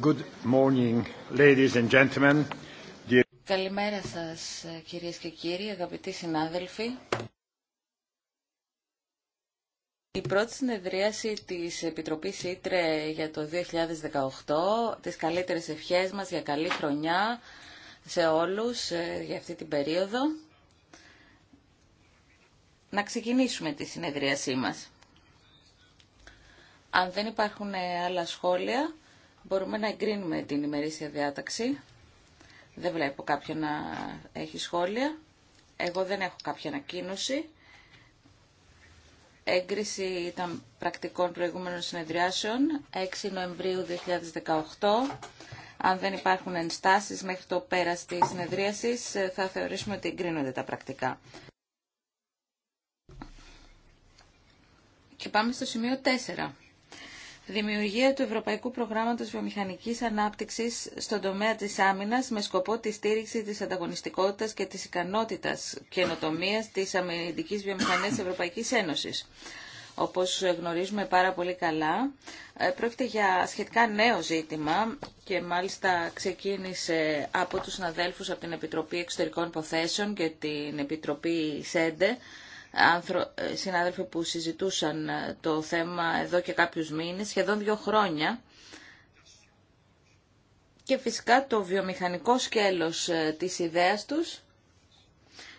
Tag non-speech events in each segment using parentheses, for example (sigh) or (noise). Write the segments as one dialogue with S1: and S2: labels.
S1: Good morning, ladies and gentlemen.
S2: Καλημέρα σας κυρίες και κύριοι, αγαπητοί συνάδελφοι. Η πρώτη συνεδρίαση της Επιτροπής Ήτρε για το 2018, τις καλύτερες ευχές μας για καλή χρονιά σε όλους ε, για αυτή την περίοδο. Να ξεκινήσουμε τη συνεδρίασή μας. Αν δεν υπάρχουν άλλα σχόλια, Μπορούμε να εγκρίνουμε την ημερήσια διάταξη. Δεν βλέπω κάποιον να έχει σχόλια. Εγώ δεν έχω κάποια ανακοίνωση. Έγκριση ήταν πρακτικών προηγούμενων συνεδριάσεων, 6 Νοεμβρίου 2018. Αν δεν υπάρχουν ενστάσεις μέχρι το πέρας της συνεδρίασης, θα θεωρήσουμε ότι εγκρίνονται τα πρακτικά. Και πάμε στο σημείο 4. Δημιουργία του Ευρωπαϊκού Προγράμματος Βιομηχανικής Ανάπτυξης στον τομέα της άμυνας με σκοπό τη στήριξη της ανταγωνιστικότητας και της ικανότητας καινοτομίας της αμυντικής βιομηχανίας της Ευρωπαϊκής Ένωσης. Όπως γνωρίζουμε πάρα πολύ καλά, ε, πρόκειται για σχετικά νέο ζήτημα και μάλιστα ξεκίνησε από τους συναδέλφους από την Επιτροπή Εξωτερικών Υποθέσεων και την Επιτροπή ΣΕΝΤΕ ε, συνάδελφοι που συζητούσαν ε, το θέμα εδώ και κάποιους μήνες, σχεδόν δύο χρόνια. Και φυσικά το βιομηχανικό σκέλος ε, της ιδέας τους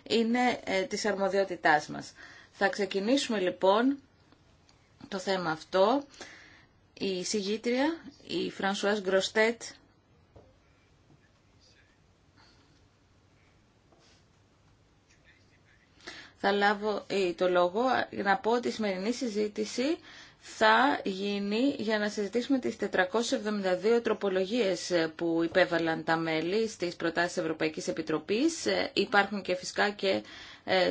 S2: είναι της αρμοδιότητάς μας. Θα ξεκινήσουμε λοιπόν το θέμα αυτό. Η συγγήτρια, η Φρανσουάς Γκροστέτ, θα λάβω ε, το λόγο να πω ότι η σημερινή συζήτηση θα γίνει για να συζητήσουμε τις 472 τροπολογίες ε, που υπέβαλαν τα μέλη στις προτάσεις Ευρωπαϊκής Επιτροπής. Ε, υπάρχουν και φυσικά και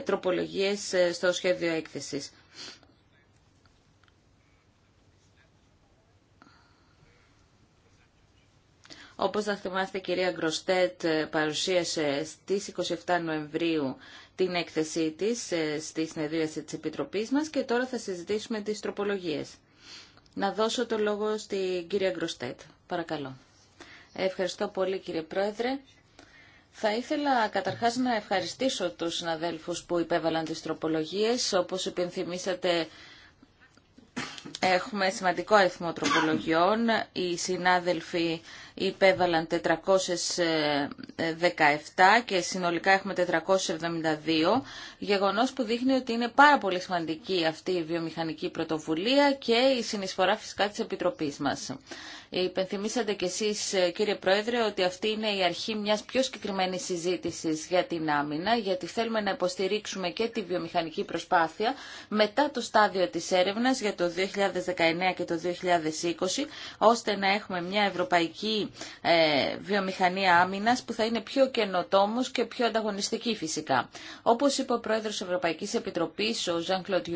S2: τροπολογίες στο σχέδιο έκθεσης. Όπως θα θυμάστε, η κυρία Γκροστέτ ε, παρουσίασε στις 27 Νοεμβρίου την έκθεσή της ε, στη συνεδρίαση της Επιτροπής μας και τώρα θα συζητήσουμε τις τροπολογίες. Να δώσω το λόγο στην κυρία Γκροστέτ. Παρακαλώ. Ευχαριστώ πολύ κύριε Πρόεδρε. Θα ήθελα καταρχάς να ευχαριστήσω τους συναδέλφους που υπέβαλαν τις τροπολογίες. Όπως υπενθυμίσατε, Έχουμε σημαντικό αριθμό τροπολογιών. Οι συνάδελφοι υπέβαλαν 417 ε, και συνολικά έχουμε 472. Γεγονός που δείχνει ότι είναι πάρα πολύ σημαντική αυτή η βιομηχανική πρωτοβουλία και η συνεισφορά φυσικά της Επιτροπής μας. Υπενθυμίσατε κι εσείς ε, κύριε Πρόεδρε ότι αυτή είναι η αρχή μιας πιο συγκεκριμένης συζήτησης για την άμυνα γιατί θέλουμε να υποστηρίξουμε και τη βιομηχανική προσπάθεια μετά το στάδιο της έρευνας για το 2019 και το 2020 ώστε να έχουμε μια ευρωπαϊκή ε, βιομηχανία άμυνας που θα είναι πιο καινοτόμος και πιο ανταγωνιστική φυσικά. Όπως είπε ο Πρόεδρος Ευρωπαϊκής Επιτροπής, ο Ζαν Κλωτ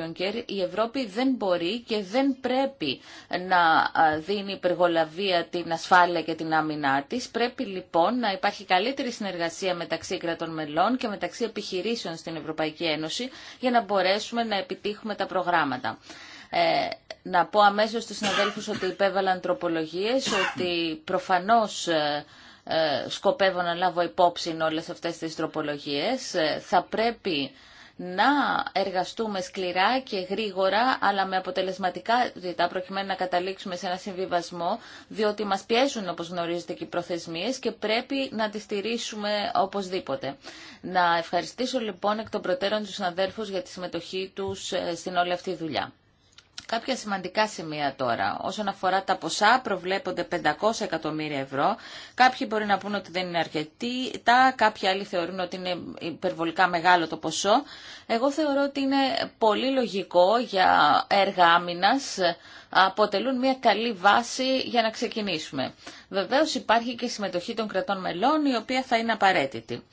S2: η Ευρώπη δεν μπορεί και δεν πρέπει να ε, δίνει υπεργολαβία βία την ασφάλεια και την άμυνά τη, Πρέπει λοιπόν να υπάρχει καλύτερη συνεργασία μεταξύ κρατών μελών και μεταξύ επιχειρήσεων στην Ευρωπαϊκή Ένωση για να μπορέσουμε να επιτύχουμε τα προγράμματα. Ε, να πω αμέσω στου συναδέλφους ότι υπέβαλαν τροπολογίε ότι προφανώς ε, ε, σκοπεύω να λάβω υπόψη όλες αυτέ τι τροπολογίε. Ε, θα πρέπει να εργαστούμε σκληρά και γρήγορα, αλλά με αποτελεσματικά ζητά προκειμένου να καταλήξουμε σε ένα συμβιβασμό, διότι μας πιέζουν όπως γνωρίζετε και οι προθεσμίες και πρέπει να τις στηρίσουμε οπωσδήποτε. Να ευχαριστήσω λοιπόν εκ των προτέρων τους συναδέρφους για τη συμμετοχή τους ε, στην όλη αυτή τη δουλειά. Κάποια σημαντικά σημεία τώρα. Όσον αφορά τα ποσά, προβλέπονται 500 εκατομμύρια ευρώ. Κάποιοι μπορεί να πούνε ότι δεν είναι αρκετή, τα κάποιοι άλλοι θεωρούν ότι είναι υπερβολικά μεγάλο το ποσό. Εγώ θεωρώ ότι είναι πολύ λογικό για έργα άμυνα. αποτελούν μια καλή βάση για να ξεκινήσουμε. Βεβαίως υπάρχει και συμμετοχή των κρατών μελών, η οποία θα είναι απαραίτητη.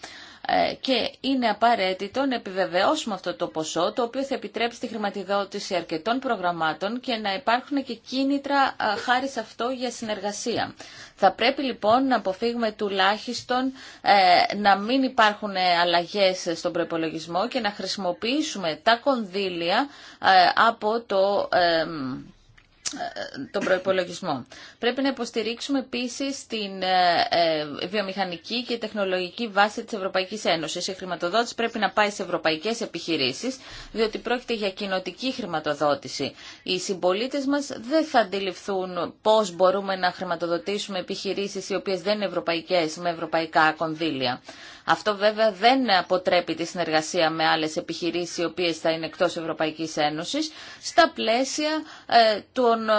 S2: Ε, και είναι απαραίτητο να επιβεβαιώσουμε αυτό το ποσό το οποίο θα επιτρέψει τη χρηματιδότηση αρκετών προγραμμάτων και να υπάρχουν και κίνητρα ε, χάρη σε αυτό για συνεργασία. Θα πρέπει λοιπόν να αποφύγουμε τουλάχιστον ε, να μην υπάρχουν αλλαγές στον προπολογισμό και να χρησιμοποιήσουμε τα κονδύλια από το τον προϋπολογισμό. Πρέπει να υποστηρίξουμε επίσης την ε, ε, βιομηχανική και τεχνολογική βάση της Ευρωπαϊκής Ένωσης. Η χρηματοδότηση πρέπει να πάει σε ευρωπαϊκές επιχειρήσεις, διότι πρόκειται για κοινοτική χρηματοδότηση. Οι συμπολίτε μας δεν θα αντιληφθούν πώς μπορούμε να χρηματοδοτήσουμε επιχειρήσεις οι οποίες δεν είναι ευρωπαϊκές με ευρωπαϊκά κονδύλια. Αυτό βέβαια δεν αποτρέπει τη συνεργασία με άλλες επιχειρήσεις οι οποίες θα είναι εκτό Ευρωπαϊκής Ένωσης στα πλαίσια ε, του των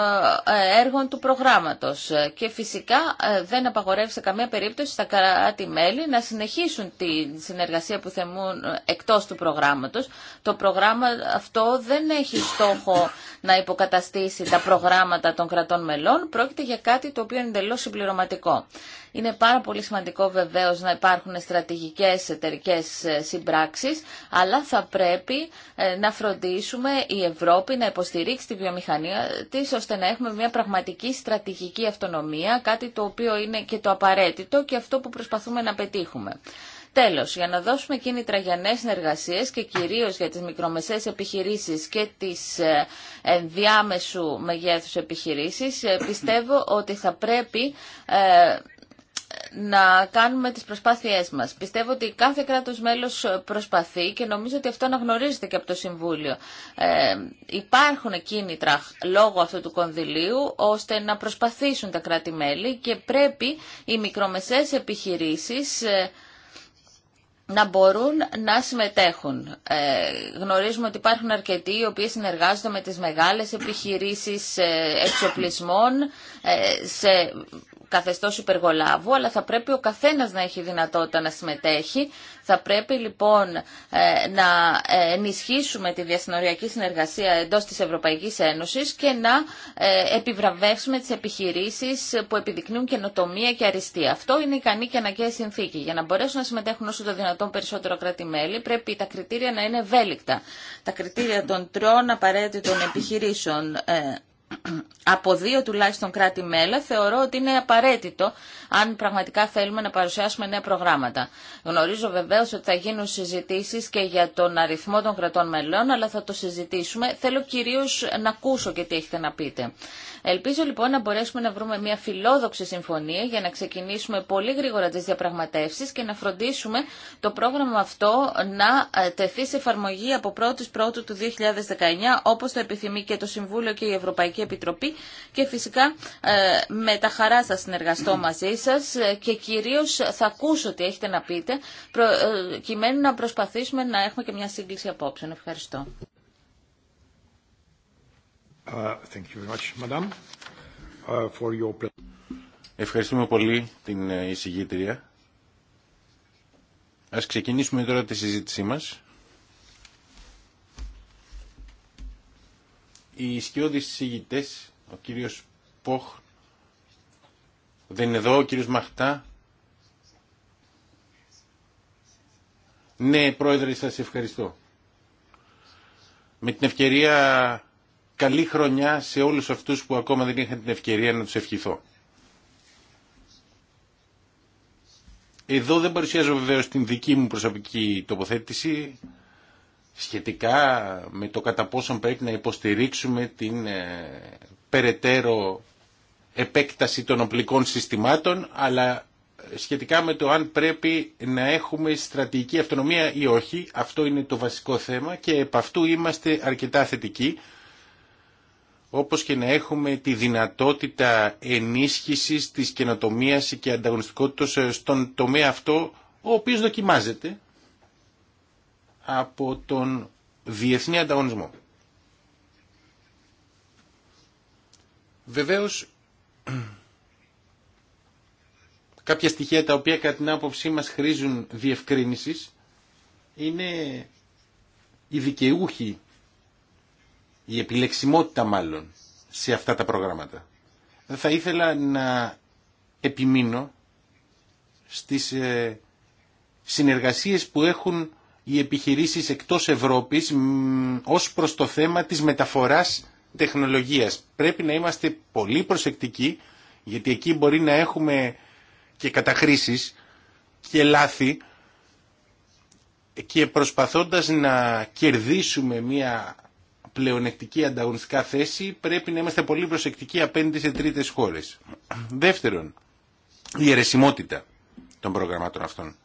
S2: ε, ε, έργων του προγράμματος. Ε, και φυσικά δεν απαγορεύει σε καμία περίπτωση στα κράτη-μέλη να συνεχίσουν τη συνεργασία που θεμούν εκτός του προγράμματος. Το πρόγραμμα αυτό δεν έχει στόχο να υποκαταστήσει τα προγράμματα των κρατών μελών. Πρόκειται για κάτι το οποίο είναι εντελώς συμπληρωματικό. Είναι πάρα πολύ σημαντικό βεβαίως να υπάρχουν στρατηγικές εταιρικέ συμπράξεις, αλλά θα πρέπει να φροντίσουμε η Ευρώπη να υποστηρίξει τη βιομηχανία της ώστε να έχουμε μια πραγματική στρατηγική αυτονομία, κάτι το οποίο είναι και το απαραίτητο και αυτό που προσπαθούμε να πετύχουμε. Τέλος, για να δώσουμε κίνητρα για νέες συνεργασίες και κυρίως για τις μικρομεσαίες επιχειρήσεις και τις ε, διάμεσου μεγέθους επιχειρήσεις, ε, πιστεύω ότι θα πρέπει ε, να κάνουμε τις προσπάθειές μας. Πιστεύω ότι κάθε κράτος μέλος προσπαθεί και νομίζω ότι αυτό αναγνωρίζεται και από το Συμβούλιο. Ε, υπάρχουν κίνητρα λόγω αυτού του κονδυλίου ώστε να προσπαθήσουν τα κράτη-μέλη και πρέπει οι μικρομεσαίες επιχειρήσεις ε, να μπορούν να συμμετέχουν. Ε, γνωρίζουμε ότι υπάρχουν αρκετοί οι οποίοι συνεργάζονται με τις μεγάλες επιχειρήσεις ε, εξοπλισμών ε, σε Καθεστώ υπεργολάβου, αλλά θα πρέπει ο καθένα να έχει δυνατότητα να συμμετέχει. Θα πρέπει λοιπόν ε, να ε, ενισχύσουμε τη διασυνοριακή συνεργασία εντό τη Ευρωπαϊκή Ένωση και να ε, επιβραβεύσουμε τι επιχειρήσει που επιδεικνύουν καινοτομία και αριστεία. Αυτό είναι ικανή και αναγκαία συνθήκη. Για να μπορέσουν να συμμετέχουν όσο το δυνατόν περισσότερο κράτη-μέλη, πρέπει τα κριτήρια να είναι ευέλικτα. Τα κριτήρια των τρων απαραίτητων επιχειρήσεων από δύο τουλάχιστον κράτη-μέλα θεωρώ ότι είναι απαραίτητο αν πραγματικά θέλουμε να παρουσιάσουμε νέα προγράμματα. Γνωρίζω βεβαίω ότι θα γίνουν συζητήσει και για τον αριθμό των κρατών μελών, αλλά θα το συζητήσουμε. Θέλω κυρίω να ακούσω και τι έχετε να πείτε. Ελπίζω λοιπόν να μπορέσουμε να βρούμε μια φιλόδοξη συμφωνία για να ξεκινήσουμε πολύ γρήγορα τι διαπραγματεύσει και να φροντίσουμε το πρόγραμμα αυτό να ε, τεθεί σε εφαρμογή από 1η Πρώτου του 2019, όπω το επιθυμεί και το Συμβούλιο και η Ευρωπαϊκή Ευρωπαϊκή Επιτροπή και φυσικά ε, με τα χαρά σας συνεργαστώ μαζί σας και κυρίως θα ακούσω τι έχετε να πείτε ε, κειμένου να προσπαθήσουμε να έχουμε και μια σύγκληση απόψε. Ευχαριστώ.
S1: Uh, thank you very much, Madam, uh, for your...
S3: Ευχαριστούμε πολύ την ε, εισηγήτρια. Ας ξεκινήσουμε τώρα τη συζήτησή μας. οι ισχυώδεις συγητές, ο κύριος Ποχ, δεν είναι εδώ, ο κύριος Μαχτά. Ναι, πρόεδρε, σας ευχαριστώ. Με την ευκαιρία, καλή χρονιά σε όλους αυτούς που ακόμα δεν είχαν την ευκαιρία να τους ευχηθώ. Εδώ δεν παρουσιάζω βεβαίως την δική μου προσωπική τοποθέτηση, σχετικά με το κατά πόσον πρέπει να υποστηρίξουμε την ε, περαιτέρω επέκταση των οπλικών συστημάτων, αλλά ε, σχετικά με το αν πρέπει να έχουμε στρατηγική αυτονομία ή όχι. Αυτό είναι το βασικό θέμα και επ' αυτού είμαστε αρκετά θετικοί, όπως και να έχουμε τη δυνατότητα ενίσχυσης της καινοτομίας και ανταγωνιστικότητας ε, στον τομέα αυτό, ο οποίος δοκιμάζεται από τον διεθνή ανταγωνισμό. Βεβαίως, (clears throat) κάποια στοιχεία τα οποία κατά την άποψή μας χρήζουν διευκρίνησης είναι η δικαιούχη η επιλεξιμότητα μάλλον σε αυτά τα προγράμματα. Θα ήθελα να επιμείνω στις ε, συνεργασίες που έχουν οι επιχειρήσεις εκτός Ευρώπης ως προς το θέμα της μεταφοράς τεχνολογίας. Πρέπει να είμαστε πολύ προσεκτικοί γιατί εκεί μπορεί να έχουμε και καταχρήσεις και λάθη και προσπαθώντας να κερδίσουμε μια πλεονεκτική ανταγωνιστικά θέση πρέπει να είμαστε πολύ προσεκτικοί απέναντι σε τρίτες χώρες. Δεύτερον, η αιρεσιμότητα των προγραμμάτων αυτών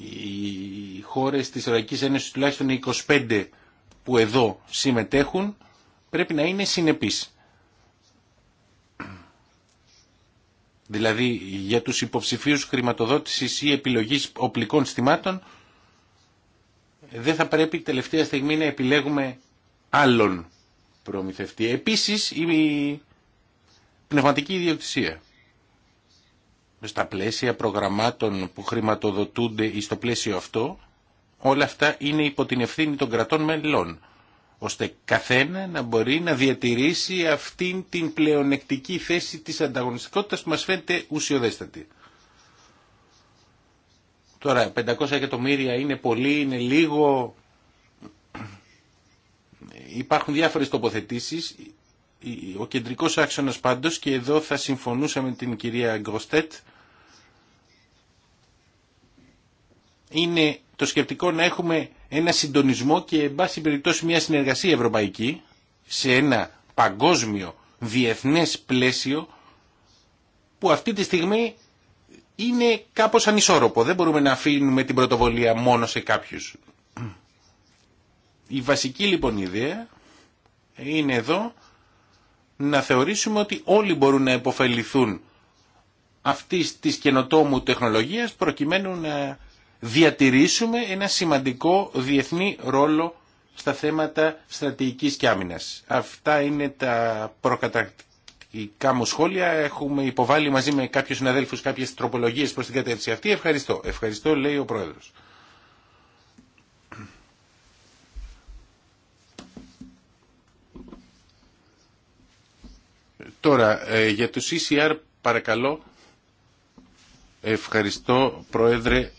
S3: οι χώρες της Ευρωπαϊκής Ένωσης, τουλάχιστον 25 που εδώ συμμετέχουν, πρέπει να είναι συνεπείς. Δηλαδή για τους υποψηφίους χρηματοδότησης ή επιλογής οπλικών στιμάτων, δεν θα πρέπει τελευταία στιγμή να επιλέγουμε άλλον προμηθευτή. Επίσης η πνευματική ιδιοκτησία στα πλαίσια προγραμμάτων που χρηματοδοτούνται ή στο πλαίσιο αυτό, όλα αυτά είναι υπό την ευθύνη των κρατών μελών, ώστε καθένα να μπορεί να διατηρήσει αυτήν την πλεονεκτική θέση της ανταγωνιστικότητας που μας φαίνεται ουσιοδέστατη. Τώρα, 500 εκατομμύρια είναι πολύ, είναι λίγο. Υπάρχουν διάφορες τοποθετήσεις ο κεντρικός άξονας πάντως και εδώ θα συμφωνούσα με την κυρία Γκοστέτ είναι το σκεπτικό να έχουμε ένα συντονισμό και εν πάση περιπτώσει μια συνεργασία ευρωπαϊκή σε ένα παγκόσμιο διεθνές πλαίσιο που αυτή τη στιγμή είναι κάπως ανισόρροπο. Δεν μπορούμε να αφήνουμε την πρωτοβολία μόνο σε κάποιους. Η βασική λοιπόν ιδέα είναι εδώ να θεωρήσουμε ότι όλοι μπορούν να υποφεληθούν αυτής της καινοτόμου τεχνολογίας προκειμένου να διατηρήσουμε ένα σημαντικό διεθνή ρόλο στα θέματα στρατηγικής και άμυνας. Αυτά είναι τα προκατακτικά μου σχόλια. Έχουμε υποβάλει μαζί με κάποιους συναδέλφους κάποιες τροπολογίες προς την κατεύθυνση αυτή. Ευχαριστώ. Ευχαριστώ λέει ο Πρόεδρος. Τώρα, ε, για το CCR παρακαλώ. Ευχαριστώ, Πρόεδρε,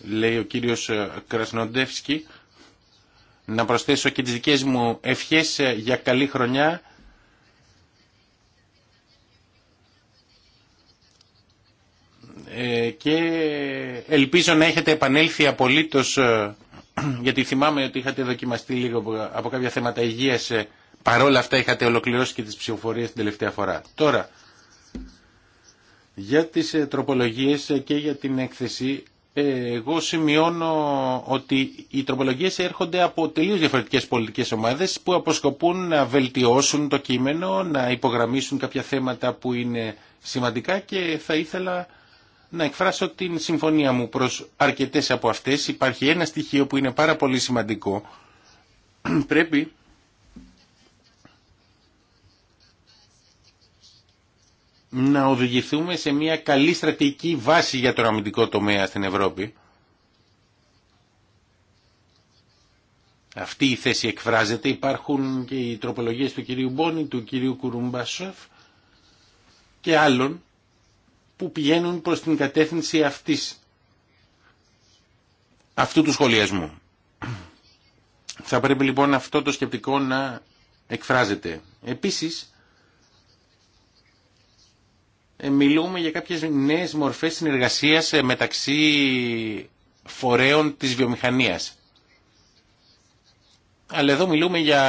S3: λέει ο κύριος ε, Κρασνοντεύσκη. Να προσθέσω και τις δικές μου ευχές ε, για καλή χρονιά. και ελπίζω να έχετε επανέλθει απολύτως (clears throat) γιατί θυμάμαι ότι είχατε δοκιμαστεί λίγο από κάποια θέματα υγείας παρόλα αυτά είχατε ολοκληρώσει και τις ψηφοφορίες την τελευταία φορά. Τώρα, για τις ε, τροπολογίες ε, και για την έκθεση, ε, εγώ σημειώνω ότι οι τροπολογίες έρχονται από τελείως διαφορετικές πολιτικές ομάδες που αποσκοπούν να βελτιώσουν το κείμενο, να υπογραμμίσουν κάποια θέματα που είναι σημαντικά και θα ήθελα να εκφράσω την συμφωνία μου προς αρκετές από αυτές. Υπάρχει ένα στοιχείο που είναι πάρα πολύ σημαντικό. (clears throat) Πρέπει να οδηγηθούμε σε μια καλή στρατηγική βάση για το αμυντικό τομέα στην Ευρώπη. Αυτή η θέση εκφράζεται. Υπάρχουν και οι τροπολογίες του κυρίου Μπόνι, του κυρίου Κουρουμπάσοφ και άλλων που πηγαίνουν προς την κατεύθυνση αυτής, αυτού του σχολιασμού. Θα πρέπει λοιπόν αυτό το σκεπτικό να εκφράζεται. Επίσης, ε, μιλούμε για κάποιες νέες μορφές συνεργασίας ε, μεταξύ φορέων της βιομηχανίας. Αλλά εδώ μιλούμε για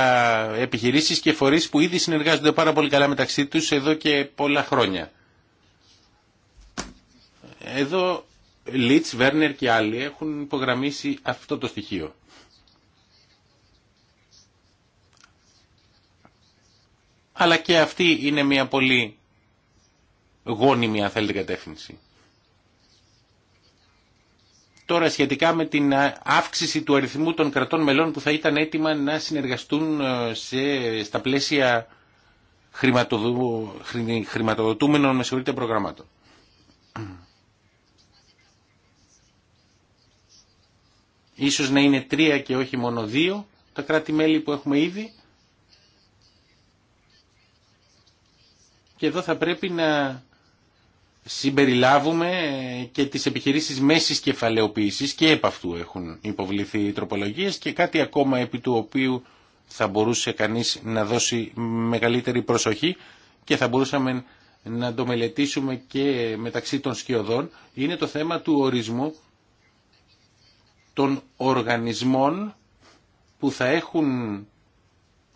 S3: επιχειρήσεις και φορείς που ήδη συνεργάζονται πάρα πολύ καλά μεταξύ τους εδώ και πολλά χρόνια. Εδώ Λίτς, Βέρνερ και άλλοι έχουν υπογραμμίσει αυτό το στοιχείο. Αλλά και αυτή είναι μια πολύ γόνιμη αν θέλετε κατεύθυνση. Τώρα σχετικά με την αύξηση του αριθμού των κρατών μελών που θα ήταν έτοιμα να συνεργαστούν ε, σε, στα πλαίσια χρηματοδοτούμενων με συγχωρείτε προγραμμάτων. Ίσως να είναι τρία και όχι μόνο δύο τα κράτη-μέλη που έχουμε ήδη. Και εδώ θα πρέπει να συμπεριλάβουμε και τις επιχειρήσεις μέσης κεφαλαιοποίησης και επ' αυτού έχουν υποβληθεί οι τροπολογίες και κάτι ακόμα επί του οποίου θα μπορούσε κανείς να δώσει μεγαλύτερη προσοχή και θα μπορούσαμε να το μελετήσουμε και μεταξύ των σκιωδών είναι το θέμα του ορισμού των οργανισμών που θα έχουν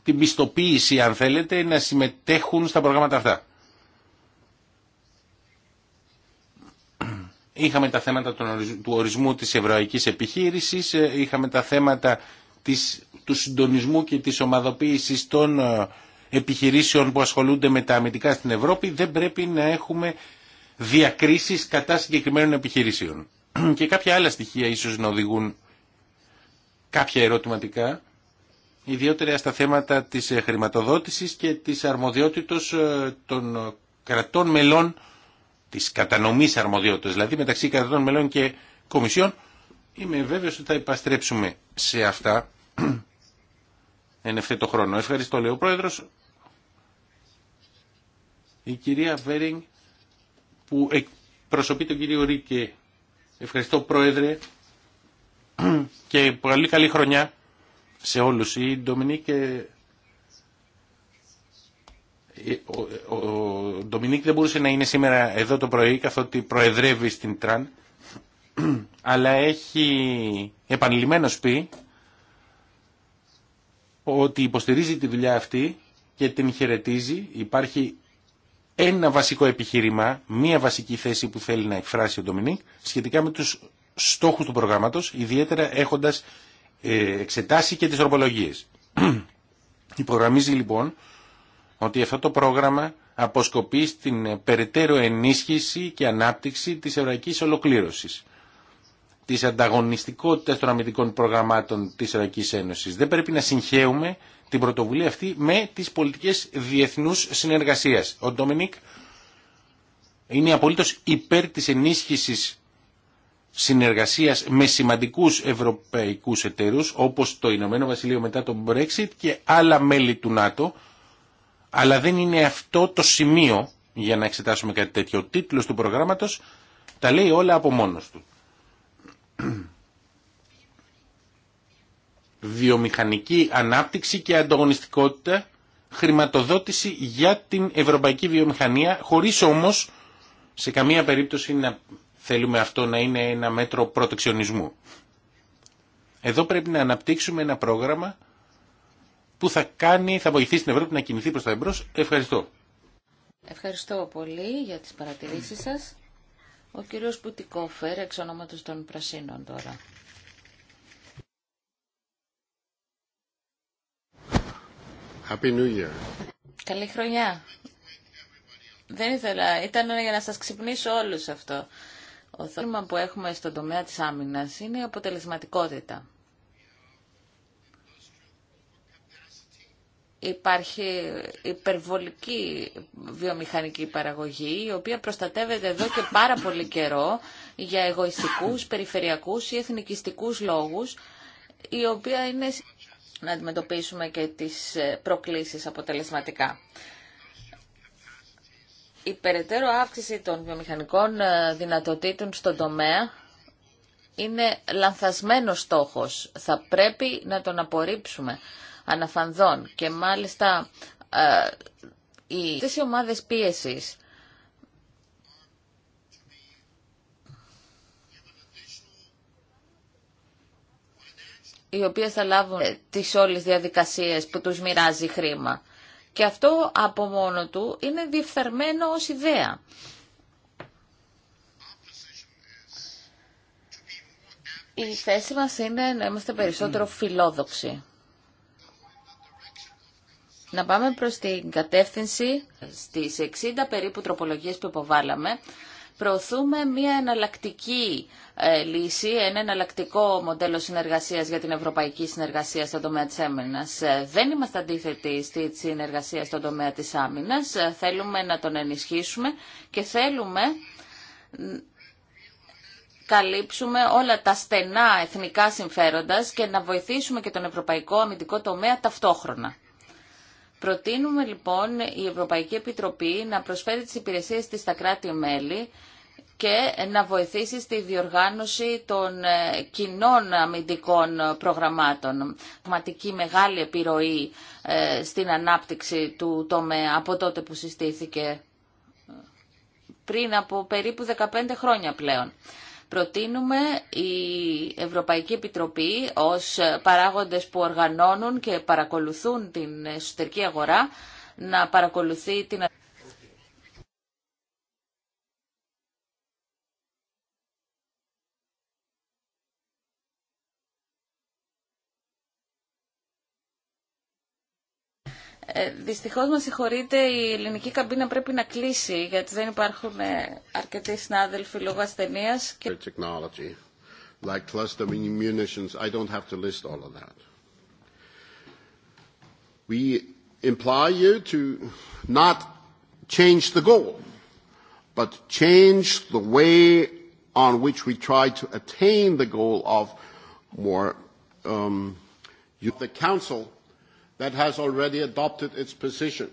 S3: την πιστοποίηση αν θέλετε να συμμετέχουν στα προγράμματα αυτά. Είχαμε τα θέματα του ορισμού της ευρωαϊκής επιχείρησης, ε, είχαμε τα θέματα της, του συντονισμού και της ομαδοποίησης των ε, επιχειρήσεων που ασχολούνται με τα αμυντικά στην Ευρώπη. Δεν πρέπει να έχουμε διακρίσεις κατά συγκεκριμένων επιχειρήσεων. Και κάποια άλλα στοιχεία ίσως να οδηγούν κάποια ερωτηματικά, ιδιαίτερα στα θέματα της ε, χρηματοδότησης και της αρμοδιότητος των κρατών μελών Τη κατανομή αρμοδιότητα, δηλαδή μεταξύ κρατών μελών και κομισιών, είμαι βέβαιο ότι θα επαστρέψουμε σε αυτά εν ευθέτω χρόνο. Ευχαριστώ, λέει ο Πρόεδρο. Η κυρία Βέρινγκ που εκπροσωπεί τον κύριο Ρίκε. Ευχαριστώ, Πρόεδρε, και πολύ καλή χρονιά σε όλους. Η Ντομινίκ ο Ντομινίκ δεν μπορούσε να είναι σήμερα εδώ το πρωί καθότι προεδρεύει στην Τραν αλλά έχει επανειλημμένος πει ότι υποστηρίζει τη δουλειά αυτή και την χαιρετίζει. Υπάρχει ένα βασικό επιχείρημα, μία βασική θέση που θέλει να εκφράσει ο Ντομινίκ σχετικά με τους στόχους του προγράμματος, ιδιαίτερα έχοντας ε, εξετάσει και τις τροπολογίες. (clears throat) Υπογραμμίζει λοιπόν ότι αυτό το πρόγραμμα αποσκοπεί στην περαιτέρω ενίσχυση και ανάπτυξη της ευρωπαϊκής ολοκλήρωσης της ανταγωνιστικότητας των αμυντικών προγραμμάτων της Ευρωπαϊκής Ένωσης. Δεν πρέπει να συγχέουμε την πρωτοβουλία αυτή με τις πολιτικές διεθνούς συνεργασίας. Ο Ντομινίκ είναι απολύτως υπέρ της ενίσχυσης συνεργασίας με σημαντικούς ευρωπαϊκούς εταίρους όπως το Ηνωμένο Βασιλείο μετά τον Brexit και άλλα μέλη του ΝΑΤΟ αλλά δεν είναι αυτό το σημείο για να εξετάσουμε κάτι τέτοιο. Ο τίτλος του προγράμματος τα λέει όλα από μόνος του. Βιομηχανική ανάπτυξη και ανταγωνιστικότητα, χρηματοδότηση για την ευρωπαϊκή βιομηχανία, χωρίς όμως σε καμία περίπτωση να θέλουμε αυτό να είναι ένα μέτρο προτεξιονισμού. Εδώ πρέπει να αναπτύξουμε ένα πρόγραμμα που θα κάνει, θα βοηθήσει την Ευρώπη να κινηθεί προς τα εμπρός. Ευχαριστώ.
S2: Ευχαριστώ πολύ για τις παρατηρήσεις σας. Ο κύριος Πουτικόφερ, εξ ονόματος των Πρασίνων τώρα.
S4: Happy New Year.
S2: Καλή χρονιά. Δεν ήθελα. Ήταν για να σας ξυπνήσω όλους αυτό. Ο θέμα που έχουμε στον τομέα της άμυνας είναι η αποτελεσματικότητα. υπάρχει υπερβολική βιομηχανική παραγωγή, η οποία προστατεύεται εδώ και πάρα πολύ καιρό για εγωιστικούς, περιφερειακούς ή εθνικιστικούς λόγους, η οποία είναι να αντιμετωπίσουμε και τις ε, προκλήσεις αποτελεσματικά. Η περαιτέρω αύξηση των βιομηχανικών ε, δυνατοτήτων στον τομέα είναι λανθασμένος στόχος. Θα πρέπει να τον απορρίψουμε αναφανδών και μάλιστα ε, οι, οι ομάδες πίεσης οι οποίες θα λάβουν ε, τις όλες διαδικασίες που τους μοιράζει χρήμα. Και αυτό από μόνο του είναι διεφθαρμένο ως ιδέα. Η θέση μας είναι να είμαστε περισσότερο φιλόδοξοι να πάμε προς την κατεύθυνση στις 60 περίπου τροπολογίες που υποβάλαμε. Προωθούμε μια εναλλακτική ε, λύση, ένα εναλλακτικό μοντέλο συνεργασίας για την ευρωπαϊκή συνεργασία στον τομέα της άμυνας. Ε, δεν είμαστε αντίθετοι στη συνεργασία στον τομέα της άμυνας. Ε, θέλουμε να τον ενισχύσουμε και θέλουμε καλύψουμε όλα τα στενά εθνικά συμφέροντα και να βοηθήσουμε και τον ευρωπαϊκό αμυντικό τομέα ταυτόχρονα. Προτείνουμε λοιπόν η Ευρωπαϊκή Επιτροπή να προσφέρει τις υπηρεσίες της στα κράτη-μέλη και να βοηθήσει στη διοργάνωση των ε, κοινών αμυντικών προγραμμάτων. Πραγματική μεγάλη επιρροή ε, στην ανάπτυξη του τομέα από τότε που συστήθηκε ε, πριν από περίπου 15 χρόνια πλέον προτείνουμε η Ευρωπαϊκή Επιτροπή ως παράγοντες που οργανώνουν και παρακολουθούν την εσωτερική αγορά να παρακολουθεί την Δυστυχώ μα συγχωρείτε, η ελληνική καμπίνα πρέπει να κλείσει γιατί δεν υπάρχουν αρκετοί συνάδελφοι λόγω ασθενεία.
S4: Και... Technology, like cluster munitions, I don't have to list all of that. We imply you to not change the goal, but change the way on which we try to attain the goal of more um, the Council that has already adopted its position.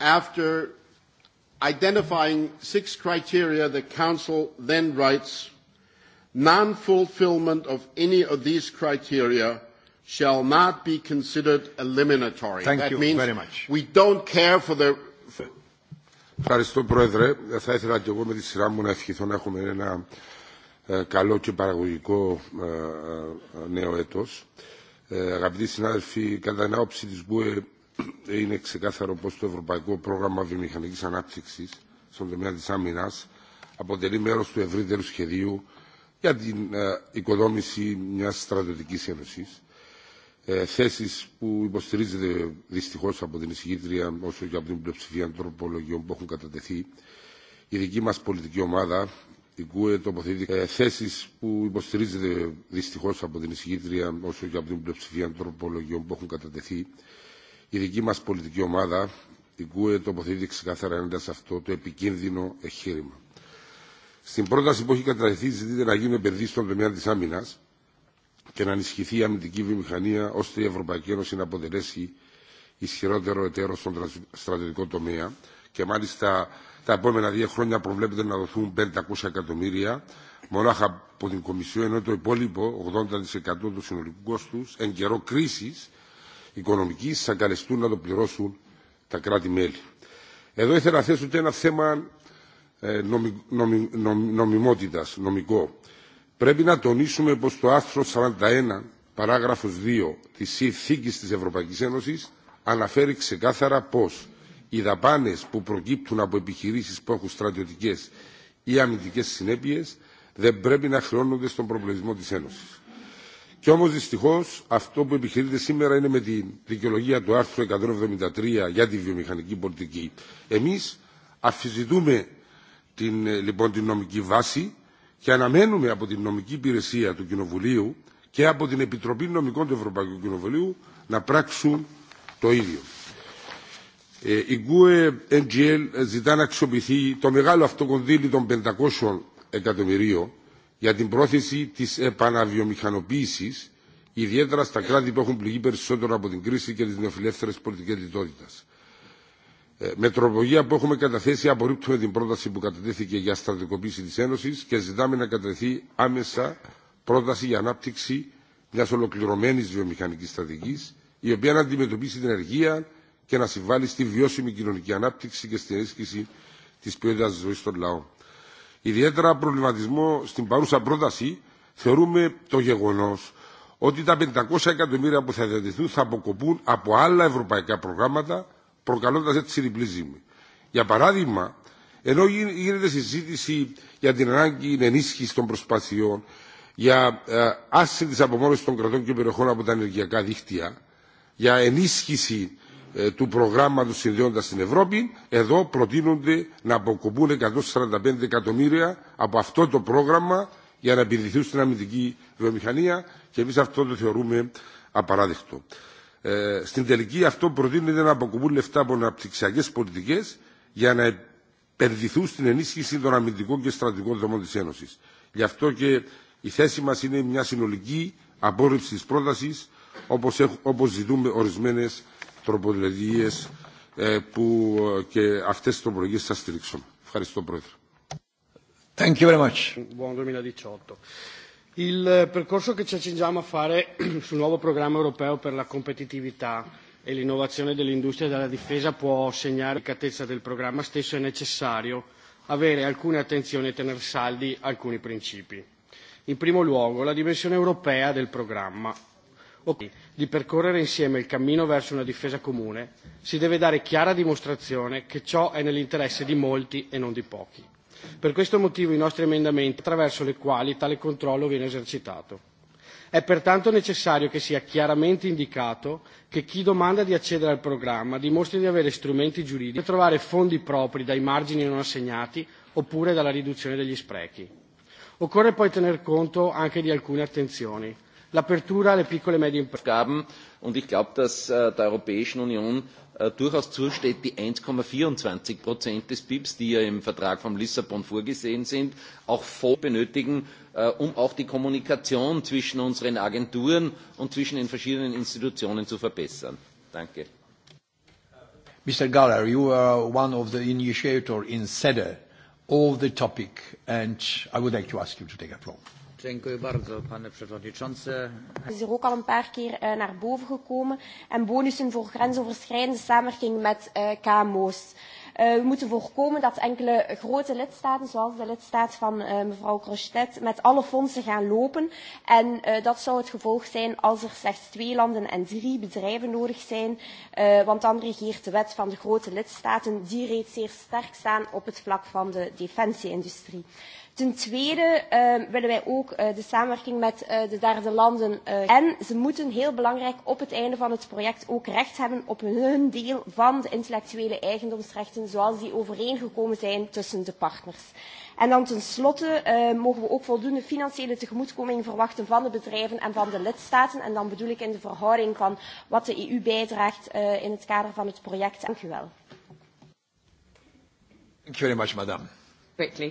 S4: After identifying six criteria, the Council then writes, non-fulfillment of any of these criteria shall not be considered eliminatory. Thank you very much. We don't care for the...
S5: Ευχαριστώ Πρόεδρε. Θα ήθελα και εγώ με τη σειρά μου να ευχηθώ να έχουμε ένα καλό και παραγωγικό νέο έτος. Ε, αγαπητοί συνάδελφοι, κατά την άποψη τη ΓΚΟΕ ε, είναι ξεκάθαρο πως το Ευρωπαϊκό Πρόγραμμα Βιομηχανικής Ανάπτυξης στον τομέα της άμυνας αποτελεί μέρος του ευρύτερου σχεδίου για την ε, οικοδόμηση μια στρατιωτική ένωση. Θέσει που υποστηρίζεται δυστυχώς από την εισηγήτρια όσο και από την πλειοψηφία των τροπολογιών που έχουν κατατεθεί. Η δική μα πολιτική ομάδα η ΚΟΕ τοποθετεί ε, θέσει που υποστηρίζεται δυστυχώ από την εισηγήτρια όσο και από την πλειοψηφία τροπολογιών που έχουν κατατεθεί. Η δική μα πολιτική ομάδα, η ΚΟΕ, τοποθετεί ξεκάθαρα ενάντια σε αυτό το επικίνδυνο εγχείρημα. Στην πρόταση που έχει κατατεθεί, ζητείται να γίνουν επενδύσει στον τομέα τη άμυνα και να ενισχυθεί η αμυντική βιομηχανία ώστε η Ευρωπαϊκή Ένωση να αποτελέσει ισχυρότερο εταίρο στον στρατιωτικό τομέα και μάλιστα τα επόμενα δύο χρόνια προβλέπεται να δοθούν 500 εκατομμύρια μονάχα από την Κομισιό ενώ το υπόλοιπο 80% του συνολικού κόστου εν καιρό κρίση οικονομική θα καλεστούν να το πληρώσουν τα κράτη-μέλη. Εδώ ήθελα να θέσω και ένα θέμα ε, νομι, νομι, νομι, νομικό. Πρέπει να τονίσουμε πως το άρθρο 41, παράγραφος 2 της Συνθήκης της Ευρωπαϊκής Ένωσης αναφέρει ξεκάθαρα πως οι δαπάνε που προκύπτουν από επιχειρήσει που έχουν στρατιωτικέ ή αμυντικέ συνέπειε δεν πρέπει να χρεώνονται στον προπολογισμό τη Ένωση. Και όμω δυστυχώ αυτό που επιχειρείται σήμερα είναι με τη δικαιολογία του άρθρου 173 για τη βιομηχανική πολιτική. Εμεί αφιζητούμε την, λοιπόν την νομική βάση και αναμένουμε από την νομική υπηρεσία του Κοινοβουλίου και από την Επιτροπή Νομικών του Ευρωπαϊκού Κοινοβουλίου να πράξουν το ίδιο. Ε, η ΓΚΟΕ NGL ζητά να αξιοποιηθεί το μεγάλο αυτό κονδύλι των 500 εκατομμυρίων για την πρόθεση της επαναβιομηχανοποίησης ιδιαίτερα στα κράτη που έχουν πληγεί περισσότερο από την κρίση και τι νεοφιλεύθερε πολιτικέ λιτότητα. Ε, με τροπολογία που έχουμε καταθέσει, απορρίπτουμε την πρόταση που κατατέθηκε για στρατικοποίηση τη Ένωση και ζητάμε να κατατεθεί άμεσα πρόταση για ανάπτυξη μια ολοκληρωμένη βιομηχανική στρατηγική, η οποία να αντιμετωπίσει την ενεργεία, και να συμβάλλει στη βιώσιμη κοινωνική ανάπτυξη και στην ενίσχυση τη ποιότητα ζωή των λαών. Ιδιαίτερα προβληματισμό στην παρούσα πρόταση θεωρούμε το γεγονό ότι τα 500 εκατομμύρια που θα διατηρηθούν θα αποκοπούν από άλλα ευρωπαϊκά προγράμματα, προκαλώντα έτσι διπλή ζήμη. Για παράδειγμα, ενώ γίνεται συζήτηση για την ανάγκη ενίσχυση των προσπαθειών για ε, άσκηση τη απομόνωση των κρατών και περιοχών από τα ενεργειακά δίκτυα, για ενίσχυση ε, του προγράμματο συνδέοντα την Ευρώπη, εδώ προτείνονται να αποκομπούν 145 εκατομμύρια από αυτό το πρόγραμμα για να επιδηθούν στην αμυντική βιομηχανία και εμεί αυτό το θεωρούμε απαράδεκτο. Ε, στην τελική αυτό προτείνεται να αποκοπούν λεφτά από αναπτυξιακέ πολιτικές για να επενδυθούν στην ενίσχυση των αμυντικών και στρατηγικών δομών τη Ένωση. Γι' αυτό και η θέση μα είναι μια συνολική απόρριψη τη πρόταση όπως, ζητούμε ορισμένες τροπολογίε που και αυτές θα στηρίξουμε. Ευχαριστώ Πρόεδρε. Thank you very much.
S6: Buon 2018. Il percorso che ci accingiamo a fare sul nuovo programma europeo per la competitività e l'innovazione dell'industria e della difesa può segnare la del programma stesso è necessario avere alcune attenzioni e tener saldi alcuni principi. In primo luogo la dimensione europea del programma di percorrere insieme il cammino verso una difesa comune, si deve dare chiara dimostrazione che ciò è nell'interesse di molti e non di pochi. Per questo motivo i nostri emendamenti attraverso le quali tale controllo viene esercitato. È pertanto necessario che sia chiaramente indicato che chi domanda di accedere al programma dimostri di avere strumenti giuridici per trovare fondi propri dai margini non assegnati oppure dalla riduzione degli sprechi. Occorre poi tener conto anche di alcune attenzioni l'apertura alle piccole e medie Und ich glaube, dass der Europäischen
S7: Union durchaus zusteht, die 1,24 des BIPs, die ja im Vertrag von Lissabon vorgesehen sind, auch voll benötigen, um auch die Kommunikation zwischen unseren Agenturen und zwischen den verschiedenen Institutionen zu verbessern. Danke.
S1: Mr. Galler, you are one of the initiators in the topic, and I would like to ask you to take a floor.
S8: Het
S9: is hier ook al een paar keer naar boven gekomen. En bonussen voor grensoverschrijdende samenwerking met KMO's. We moeten voorkomen dat enkele grote lidstaten, zoals de lidstaat van mevrouw Crochet, met alle fondsen gaan lopen. En dat zou het gevolg zijn als er slechts twee landen en drie bedrijven nodig zijn. Want dan regeert de wet van de grote lidstaten, die reeds zeer sterk staan op het vlak van de defensieindustrie. Ten tweede willen wij ook de samenwerking met de derde landen. En ze moeten heel belangrijk op het einde van het project ook recht hebben op hun deel van de intellectuele eigendomsrechten zoals die overeengekomen zijn tussen de partners. En dan tenslotte mogen we ook voldoende financiële tegemoetkoming verwachten van de bedrijven en van de lidstaten. En dan bedoel ik in de verhouding van wat de EU bijdraagt in het kader van het project. Dank u wel.
S1: Thank
S10: quickly.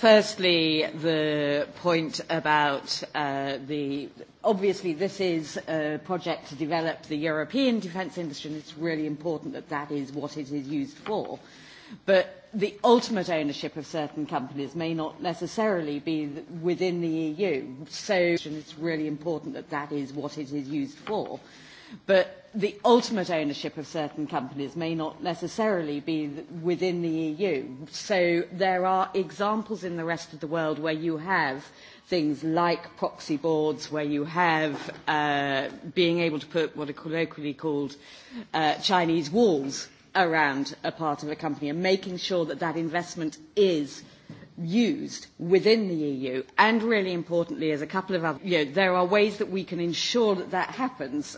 S10: Firstly, the point about the obviously this is a project to develop the European defence industry, and it's really important that that is what it is used for. But the ultimate ownership of certain companies may not necessarily be within the EU. So it's really important that that is what it is used for. But the ultimate ownership of certain companies may not necessarily be within the EU. So there are examples in the rest of the world where you have things like proxy boards, where you have being able to put what are colloquially called Chinese walls around a part of a company and making sure that that investment is used within the EU and really importantly as a couple of other you know there are ways that we can ensure that that happens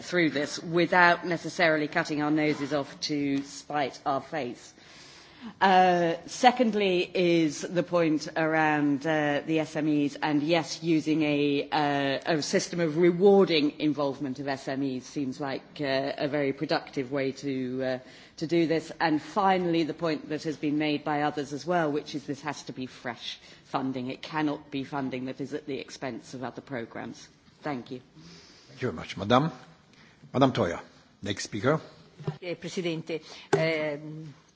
S10: through this without necessarily cutting our noses off to spite our face Secondly is the point around the SMEs and yes, using a system of rewarding involvement of SMEs seems like a very productive way to do this. And finally, the point that has been made by others as well, which is this has to be fresh funding. It cannot be funding that is at the
S11: expense of other programs. Thank you.
S1: Thank you very much, Madam. Madam Toya, next speaker.
S11: Presidente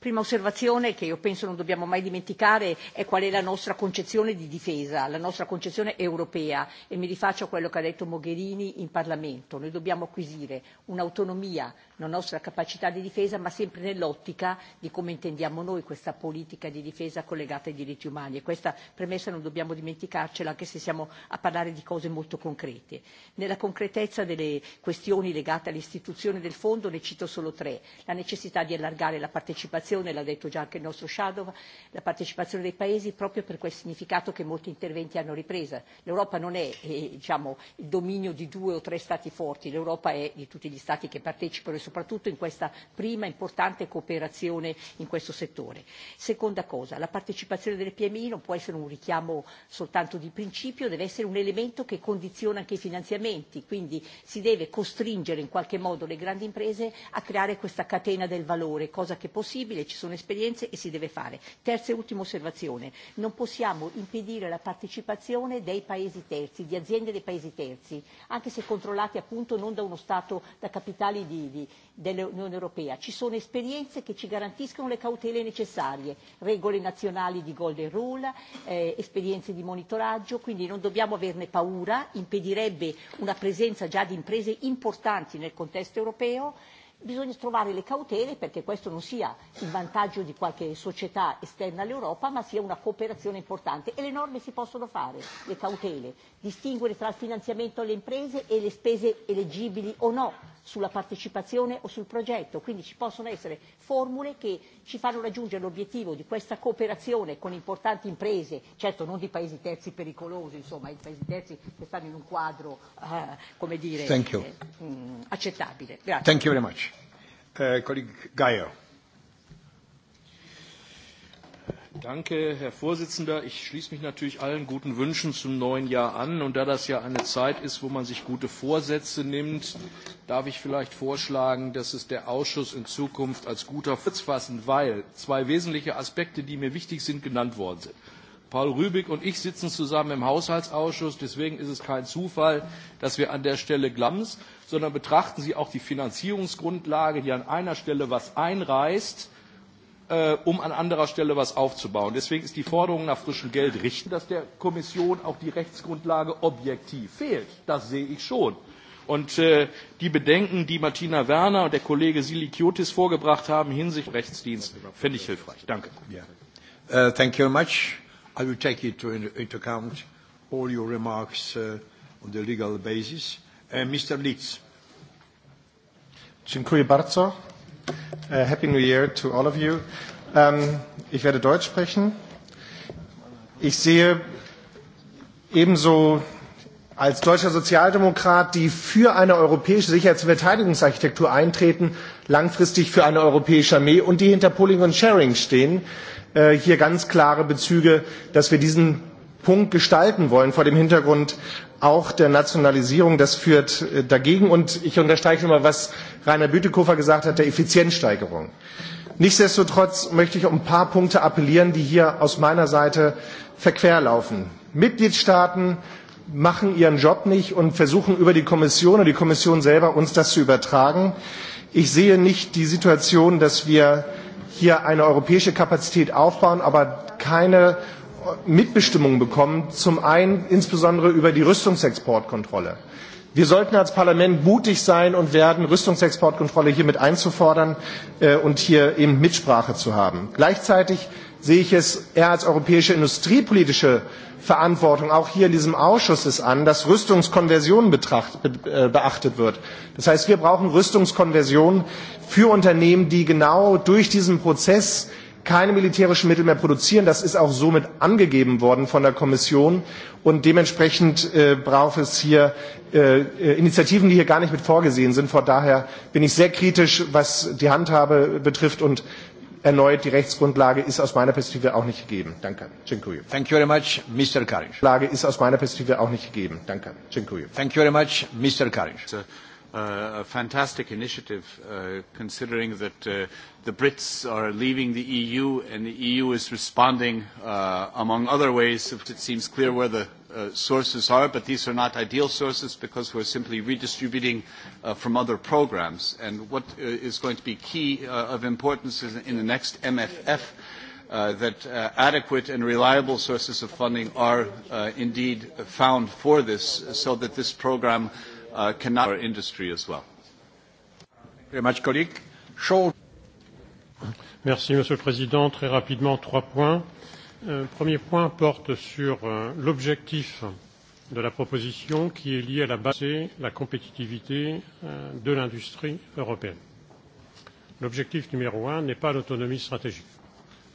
S11: prima osservazione che io penso non dobbiamo mai dimenticare è qual è la nostra concezione di difesa, la nostra concezione europea e mi rifaccio a quello che ha detto Mogherini in Parlamento. Noi dobbiamo acquisire un'autonomia la nostra capacità di difesa, ma sempre nell'ottica di come intendiamo noi questa politica di difesa collegata ai diritti umani. E questa premessa non dobbiamo dimenticarcela anche se siamo a parlare di cose molto concrete. Nella concretezza delle questioni legate all'istituzione del fondo ne cito solo tre. La necessità di allargare la partecipazione, l'ha detto già anche il nostro Shadow, la partecipazione dei Paesi proprio per quel significato che molti interventi hanno ripreso. L'Europa non è diciamo, il dominio di due o tre Stati forti, l'Europa è di tutti gli Stati che partecipano e soprattutto in questa prima importante cooperazione in questo settore. Seconda cosa, la partecipazione delle PMI non può essere un richiamo soltanto di principio, deve essere un elemento che condiziona anche i finanziamenti, quindi si deve costringere in qualche modo le grandi imprese a creare questa catena del valore, cosa che è possibile, ci sono esperienze e si deve fare. Terza e ultima osservazione, non possiamo impedire la partecipazione dei paesi terzi, di aziende dei paesi terzi, anche se controllate appunto non da uno Stato, da capitali di dell'Unione Europea. Ci sono esperienze che ci garantiscono le cautele necessarie, regole nazionali di golden rule, esperienze di monitoraggio, quindi non dobbiamo averne paura, impedirebbe una presenza già di imprese importanti nel contesto europeo bisogna trovare le cautele perché questo non sia il vantaggio di qualche società esterna all'Europa, ma sia una cooperazione importante. E le norme si possono fare, le cautele, distinguere tra il finanziamento alle imprese e le spese eleggibili o no sulla partecipazione o sul progetto. Quindi ci possono essere formule che ci fanno raggiungere l'obiettivo di questa cooperazione con importanti imprese, certo non di paesi terzi pericolosi, insomma, i paesi terzi che stanno in un quadro, come dire, accettabile. Thank you very much.
S12: Danke, Herr Vorsitzender. Ich schließe mich natürlich allen guten Wünschen zum neuen Jahr an. Und da das ja eine Zeit ist, wo man sich gute Vorsätze nimmt, darf ich vielleicht vorschlagen, dass es der Ausschuss in Zukunft als guter Vorsatz fassen, weil zwei wesentliche Aspekte, die mir wichtig sind, genannt worden sind. Paul Rübig und ich sitzen zusammen im Haushaltsausschuss. Deswegen ist es kein Zufall, dass wir an der Stelle Glams, sondern betrachten Sie auch die Finanzierungsgrundlage, die an einer Stelle was einreißt, um an anderer Stelle was aufzubauen. Deswegen ist die Forderung nach frischem Geld richtig, dass der Kommission auch die Rechtsgrundlage objektiv fehlt. Das sehe ich schon. Und die Bedenken, die Martina Werner und der Kollege Silikiotis vorgebracht haben hinsichtlich Rechtsdienst, finde ich hilfreich. Danke.
S1: I will take into account all your remarks on the legal basis. Mr.
S13: Dziękuję bardzo. Happy New Year to all of you. Ich werde Deutsch sprechen. Ich sehe ebenso als deutscher Sozialdemokrat, die für eine europäische Sicherheits- und Verteidigungsarchitektur eintreten, langfristig für eine europäische Armee und die hinter Pooling und Sharing stehen, hier ganz klare Bezüge, dass wir diesen Punkt gestalten wollen vor dem Hintergrund auch der Nationalisierung. Das führt dagegen. Und ich unterstreiche nochmal, was Rainer Bütikofer gesagt hat, der Effizienzsteigerung. Nichtsdestotrotz möchte ich um ein paar Punkte appellieren, die hier aus meiner Seite verquerlaufen. Mitgliedstaaten machen ihren Job nicht und versuchen über die Kommission und die Kommission selber uns das zu übertragen. Ich sehe nicht die Situation, dass wir hier eine europäische Kapazität aufbauen, aber keine Mitbestimmung bekommen, zum einen insbesondere über die Rüstungsexportkontrolle. Wir sollten als Parlament mutig sein und werden, Rüstungsexportkontrolle hiermit einzufordern und hier eben Mitsprache zu haben. Gleichzeitig sehe ich es eher als europäische industriepolitische Verantwortung auch hier in diesem Ausschuss ist an, dass Rüstungskonversion beachtet wird. Das heißt, wir brauchen Rüstungskonversion für Unternehmen, die genau durch diesen Prozess keine militärischen Mittel mehr produzieren. Das ist auch somit angegeben worden von der Kommission. Und dementsprechend braucht es hier Initiativen, die hier gar nicht mit vorgesehen sind. Von daher bin ich sehr kritisch, was die Handhabe betrifft und erneut, die Rechtsgrundlage ist aus meiner Perspektive auch nicht gegeben. Danke. Dziękuję. Thank you very much, Mr. Die Lage ist aus meiner Perspektive auch nicht
S1: gegeben. Danke. Dziękuję. Thank you very much, Mr. Karish.
S14: A fantastic initiative, considering that the Brits are leaving the EU and the EU is responding, among other ways. It seems clear where the sources are, but these are not ideal sources because we're simply redistributing from other programs. And what is going to be key of importance in the next MFF that adequate and reliable sources of funding are indeed found for this so that this program cannot our industry as well. Very much, colleague.
S15: Merci, Monsieur le Président. Très rapidement, trois points Le premier point porte sur l'objectif de la proposition qui est lié à la base la compétitivité de l'industrie européenne. L'objectif numéro un n'est pas l'autonomie stratégique.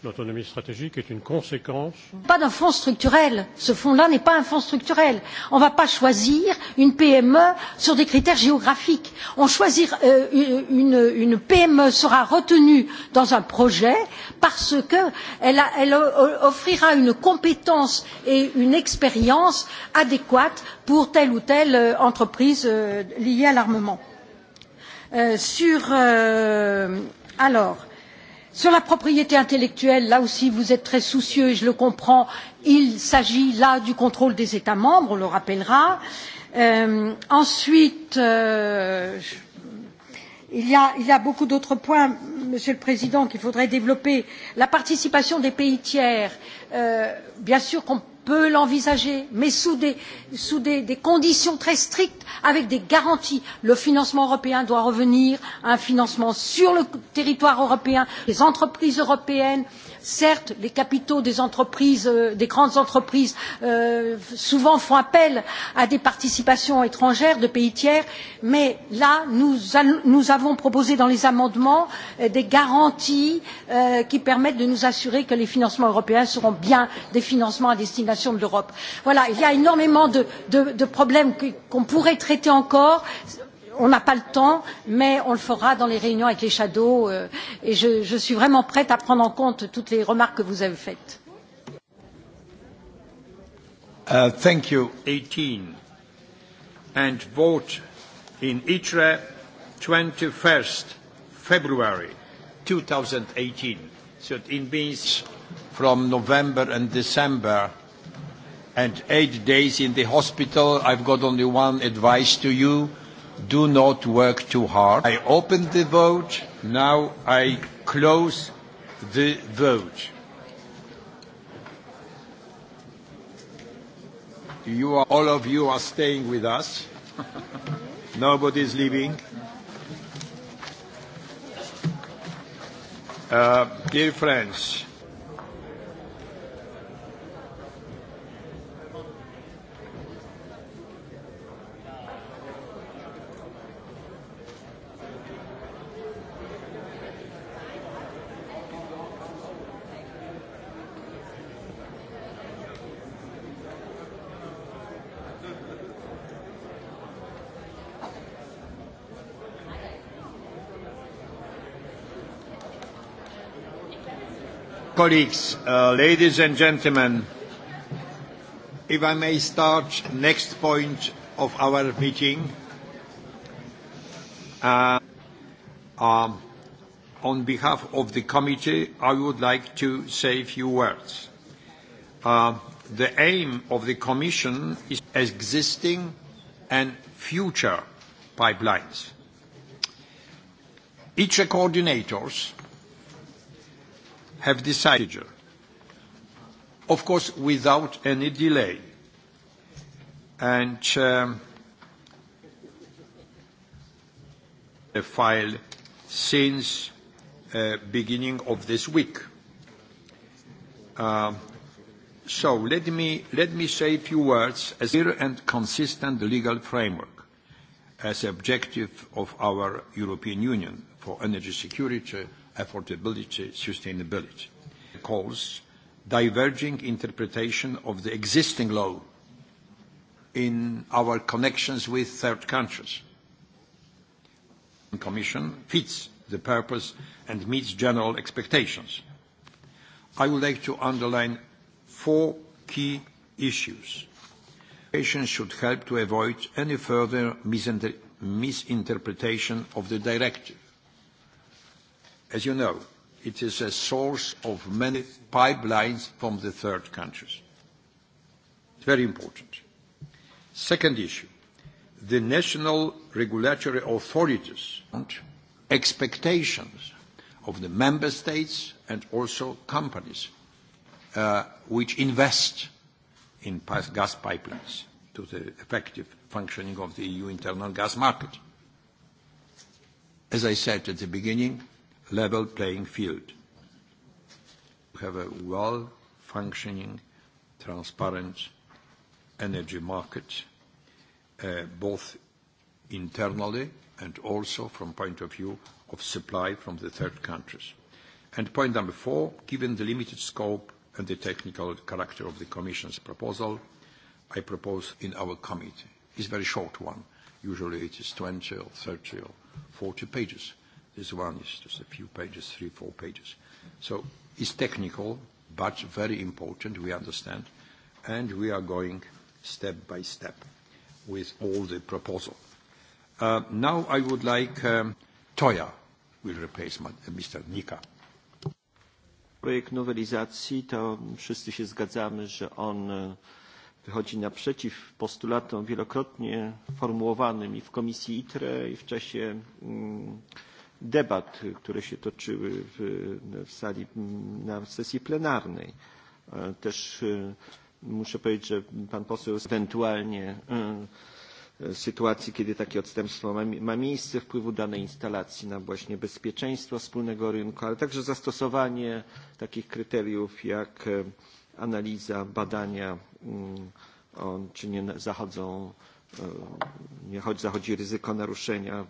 S15: L'autonomie stratégique est une conséquence.
S16: Pas d'un fonds structurel. Ce fonds-là n'est pas un fonds structurel. On ne va pas choisir une PME sur des critères géographiques. On choisir une PME sera retenue dans un projet parce qu'elle offrira une compétence et une expérience adéquates pour telle ou telle entreprise liée à l'armement. Sur alors sur la propriété intellectuelle là aussi vous êtes très soucieux et je le comprends il s'agit là du contrôle des états membres on le rappellera. ensuite il y a beaucoup d'autres points monsieur le président qu'il faudrait développer la participation des pays tiers bien sûr qu'on peut l'envisager, mais sous des conditions très strictes, avec des garanties. Le financement européen doit revenir à un financement sur le territoire européen, les entreprises européennes. Certes, les capitaux des entreprises, des grandes entreprises, souvent font appel à des participations étrangères de pays tiers, mais là, nous avons proposé dans les amendements des garanties qui permettent de nous assurer que les financements européens seront bien des financements à destination transformation de l'Europe. Voilà, il y a énormément de de, problèmes qu'on pourrait traiter encore. On n'a pas le temps, mais on le fera dans les réunions avec les shadows et je je suis vraiment prête à prendre en compte toutes les remarques que vous avez faites.
S1: Thank you. 18. And vote in ITRE 21st February 2018. So it means from November and December and eight days in the hospital. I've got only one advice to you. Do not work too hard. I opened the vote. Now I close the vote. You all of you are staying with us. Nobody is leaving. Uh, dear friends, Colleagues, ladies and gentlemen, if I may start next point of our meeting, on behalf of the committee, I would like to say a few words. The aim of the Commission is existing and future pipelines. Each coordinators have decided, of course without any delay. And the file since beginning of this week. So let me let me say a few words as clear and consistent legal framework as objective of our European Union for energy security affordability, sustainability calls diverging interpretation of the existing law in our connections with third countries. The Commission fits the purpose and meets general expectations. I would like to underline four key issues. Patients should help to avoid any further misinterpretation of the directive. As you know, it is a source of many pipelines from the third countries. Very important. Second issue, the national regulatory authorities expectations of the member states and also companies which invest in gas pipelines to the effective functioning of the EU internal gas market. As I said at the beginning, level playing field. We have a well-functioning, transparent energy market, both internally and also from point of view of supply from the third countries. And point number four, given the limited scope and the technical character of the Commission's proposal, I propose in our committee. It's a very short one. Usually it is 20 or 30 or 40 pages. This one is just a few pages, three, four pages. So it's technical, but very important, we understand, and we are going step by step with all the proposal. Now I would like Toya will replace Mr. Nika.
S17: Projekt nowelizacji to wszyscy się zgadzamy, że on wychodzi naprzeciw postulatom wielokrotnie formułowanym i w Komisji ITRE i w czasie debat, które się toczyły w sali na sesji plenarnej. Też muszę powiedzieć, że pan poseł ewentualnie sytuacji, kiedy takie odstępstwo ma miejsce, wpływu danej instalacji na właśnie bezpieczeństwo wspólnego rynku, ale także zastosowanie takich kryteriów jak analiza, badania, czy nie zachodzą Nie zachodzi ryzyko naruszenia,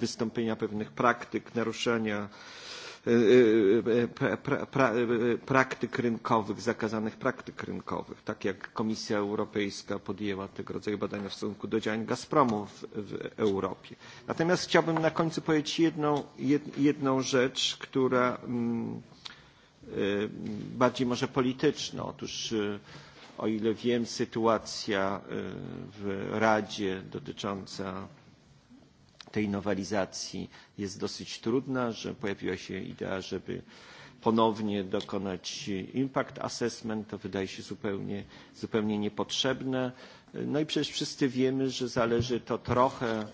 S17: wystąpienia pewnych praktyk, naruszenia praktyk rynkowych, zakazanych praktyk rynkowych, tak jak Komisja Europejska podjęła tego rodzaju badania w stosunku do działań Gazpromu w Europie. Natomiast chciałbym na końcu powiedzieć jedną rzecz, która bardziej może polityczna. Otóż O ile wiem, sytuacja w Radzie dotycząca tej nowelizacji jest dosyć trudna, że pojawiła się idea, żeby ponownie dokonać impact assessment. To wydaje się zupełnie niepotrzebne. No i przecież wszyscy wiemy, że zależy to trochę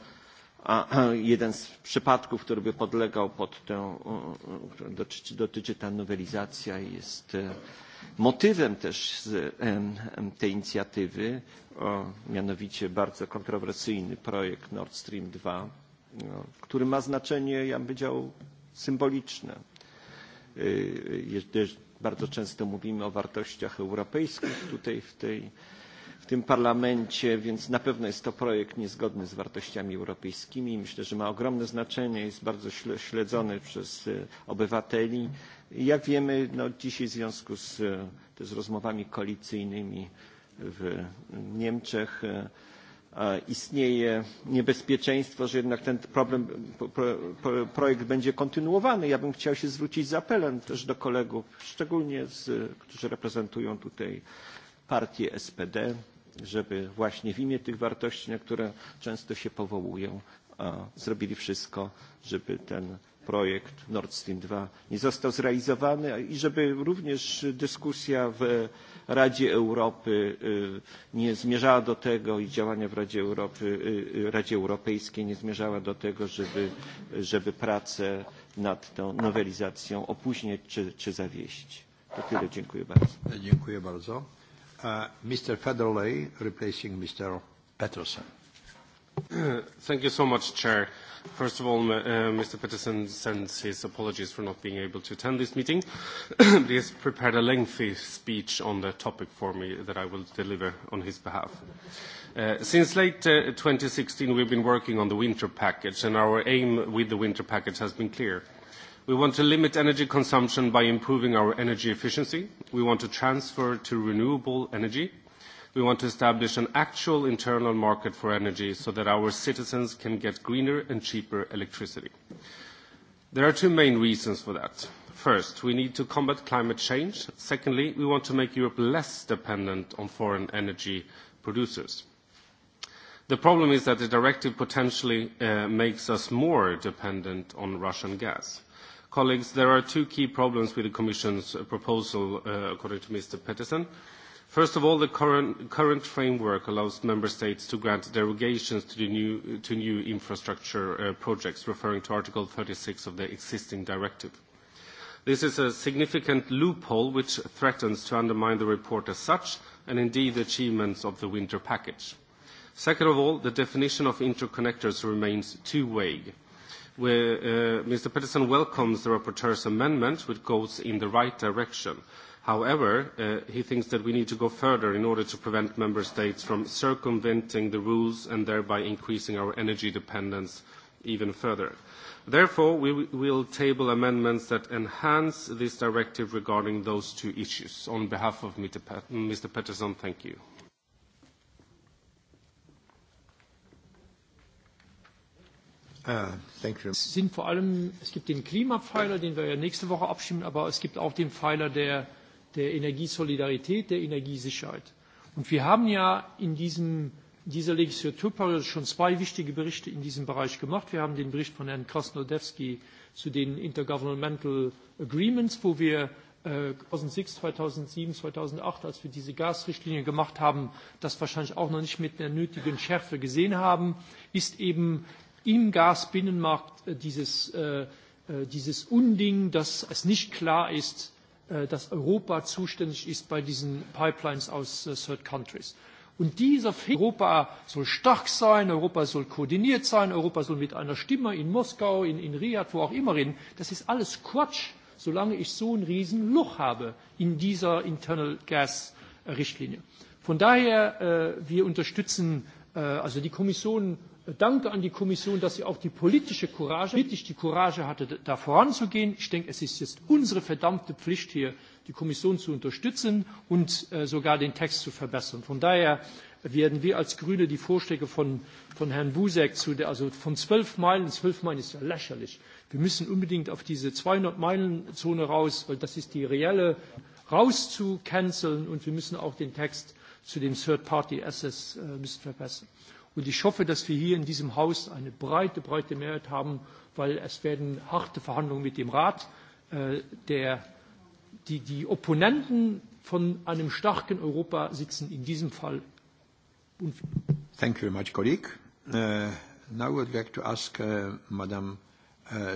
S17: a jeden z przypadków, który by podlegał pod tę, dotyczy ta nowelizacja, jest Motywem też tej inicjatywy, o mianowicie bardzo kontrowersyjny projekt Nord Stream 2, który ma znaczenie, ja bym powiedział, symboliczne. Bardzo często mówimy o wartościach europejskich tutaj w tym parlamencie, więc na pewno jest to projekt niezgodny z wartościami europejskimi. Myślę, że ma ogromne znaczenie, jest bardzo śledzony przez obywateli Jak wiemy, dzisiaj w związku z rozmowami koalicyjnymi w Niemczech istnieje niebezpieczeństwo, że jednak ten projekt będzie kontynuowany. Ja bym chciał się zwrócić z apelem też do kolegów, szczególnie którzy reprezentują tutaj partię SPD, żeby właśnie w imię tych wartości, na które często się powołują, zrobili wszystko, żeby ten projekt Nord Stream 2 nie został zrealizowany i żeby również dyskusja w Radzie Europy nie zmierzała do tego i działania w Radzie Europy, Radzie Europejskiej nie zmierzała do tego, żeby, żeby pracę nad tą nowelizacją opóźniać czy, czy zawieść. To tyle. Dziękuję bardzo. Dziękuję bardzo. Mr. Federley replacing Mr.
S1: Peterson.
S6: Thank you so much, Chair. First of all, Mr. Peterson sends his apologies for not being able to attend this meeting. He has prepared a lengthy speech on the topic for me that I will deliver on his behalf. Since late 2016, have been working on the winter package, and our aim with the winter package has been clear. We want to limit energy consumption by improving our energy efficiency. We want to transfer to renewable energy We want to establish an actual internal market for energy so that our citizens can get greener and cheaper electricity. There are two main reasons for that. First, we need to combat climate change. Secondly, we want to make Europe less dependent on foreign energy producers. The problem is that the directive potentially makes us more dependent on Russian gas. Colleagues, there are two key problems with the Commission's proposal, according to Mr. Peterson. First of all, the current framework allows member states to grant derogations to new infrastructure projects, referring to Article 36 of the existing directive. This is a significant loophole which threatens to undermine the report as such, and indeed the achievements of the winter package. Second of all, the definition of interconnectors remains too vague. Mr. Peterson welcomes the rapporteur's amendment, which goes in the right direction However, he thinks that we need to go further in order to prevent member states from circumventing the rules and thereby increasing our energy dependence even further. Therefore, we will table amendments that enhance this directive regarding those two issues. On behalf of Mr. Peterson, thank you.
S15: sind vor allem, es gibt den Klimapfeiler, den wir nächste Woche abstimmen, aber es gibt auch den Pfeiler der der Energiesolidarität, der Energiesicherheit. Und wir haben ja in dieser Legislaturperiode schon zwei wichtige Berichte in diesem Bereich gemacht. Wir haben den Bericht von Herrn Krasnodewski zu den Intergovernmental Agreements, wo wir 2006, 2007, 2008, als wir diese Gasrichtlinie gemacht haben, das wahrscheinlich auch noch nicht mit der nötigen Schärfe gesehen haben, ist eben im Gasbinnenmarkt dieses Unding, dass es nicht klar ist, dass Europa zuständig ist bei diesen Pipelines aus Third Countries. Und dieser Europa soll stark sein, Europa soll koordiniert sein, Europa soll mit einer Stimme in Moskau, in Riyadh, wo auch immer reden, Das ist alles Quatsch, solange ich so ein Riesenloch habe in dieser Internal Gas Richtlinie. Von daher, wir unterstützen, also die Kommission danke an die Kommission, dass sie auch die politische Courage, die Courage hatte, da voranzugehen. Ich denke, es ist jetzt unsere verdammte Pflicht hier, die Kommission zu unterstützen und sogar den Text zu verbessern. Von daher werden wir als Grüne die Vorschläge von Herrn Buzek zu also von zwölf Meilen, zwölf Meilen ist ja lächerlich. Wir müssen unbedingt auf diese 200-Meilen-Zone raus, weil das ist die reelle, raus und wir müssen auch den Text zu dem Third-Party-Assess verbessern. Und ich hoffe, dass wir hier in diesem Haus eine breite, breite Mehrheit haben, weil es werden harte Verhandlungen mit dem Rat. Der, Die die Opponenten von einem starken Europa sitzen in diesem Fall.
S1: Thank you very much, colleague. Now I would like to ask Madam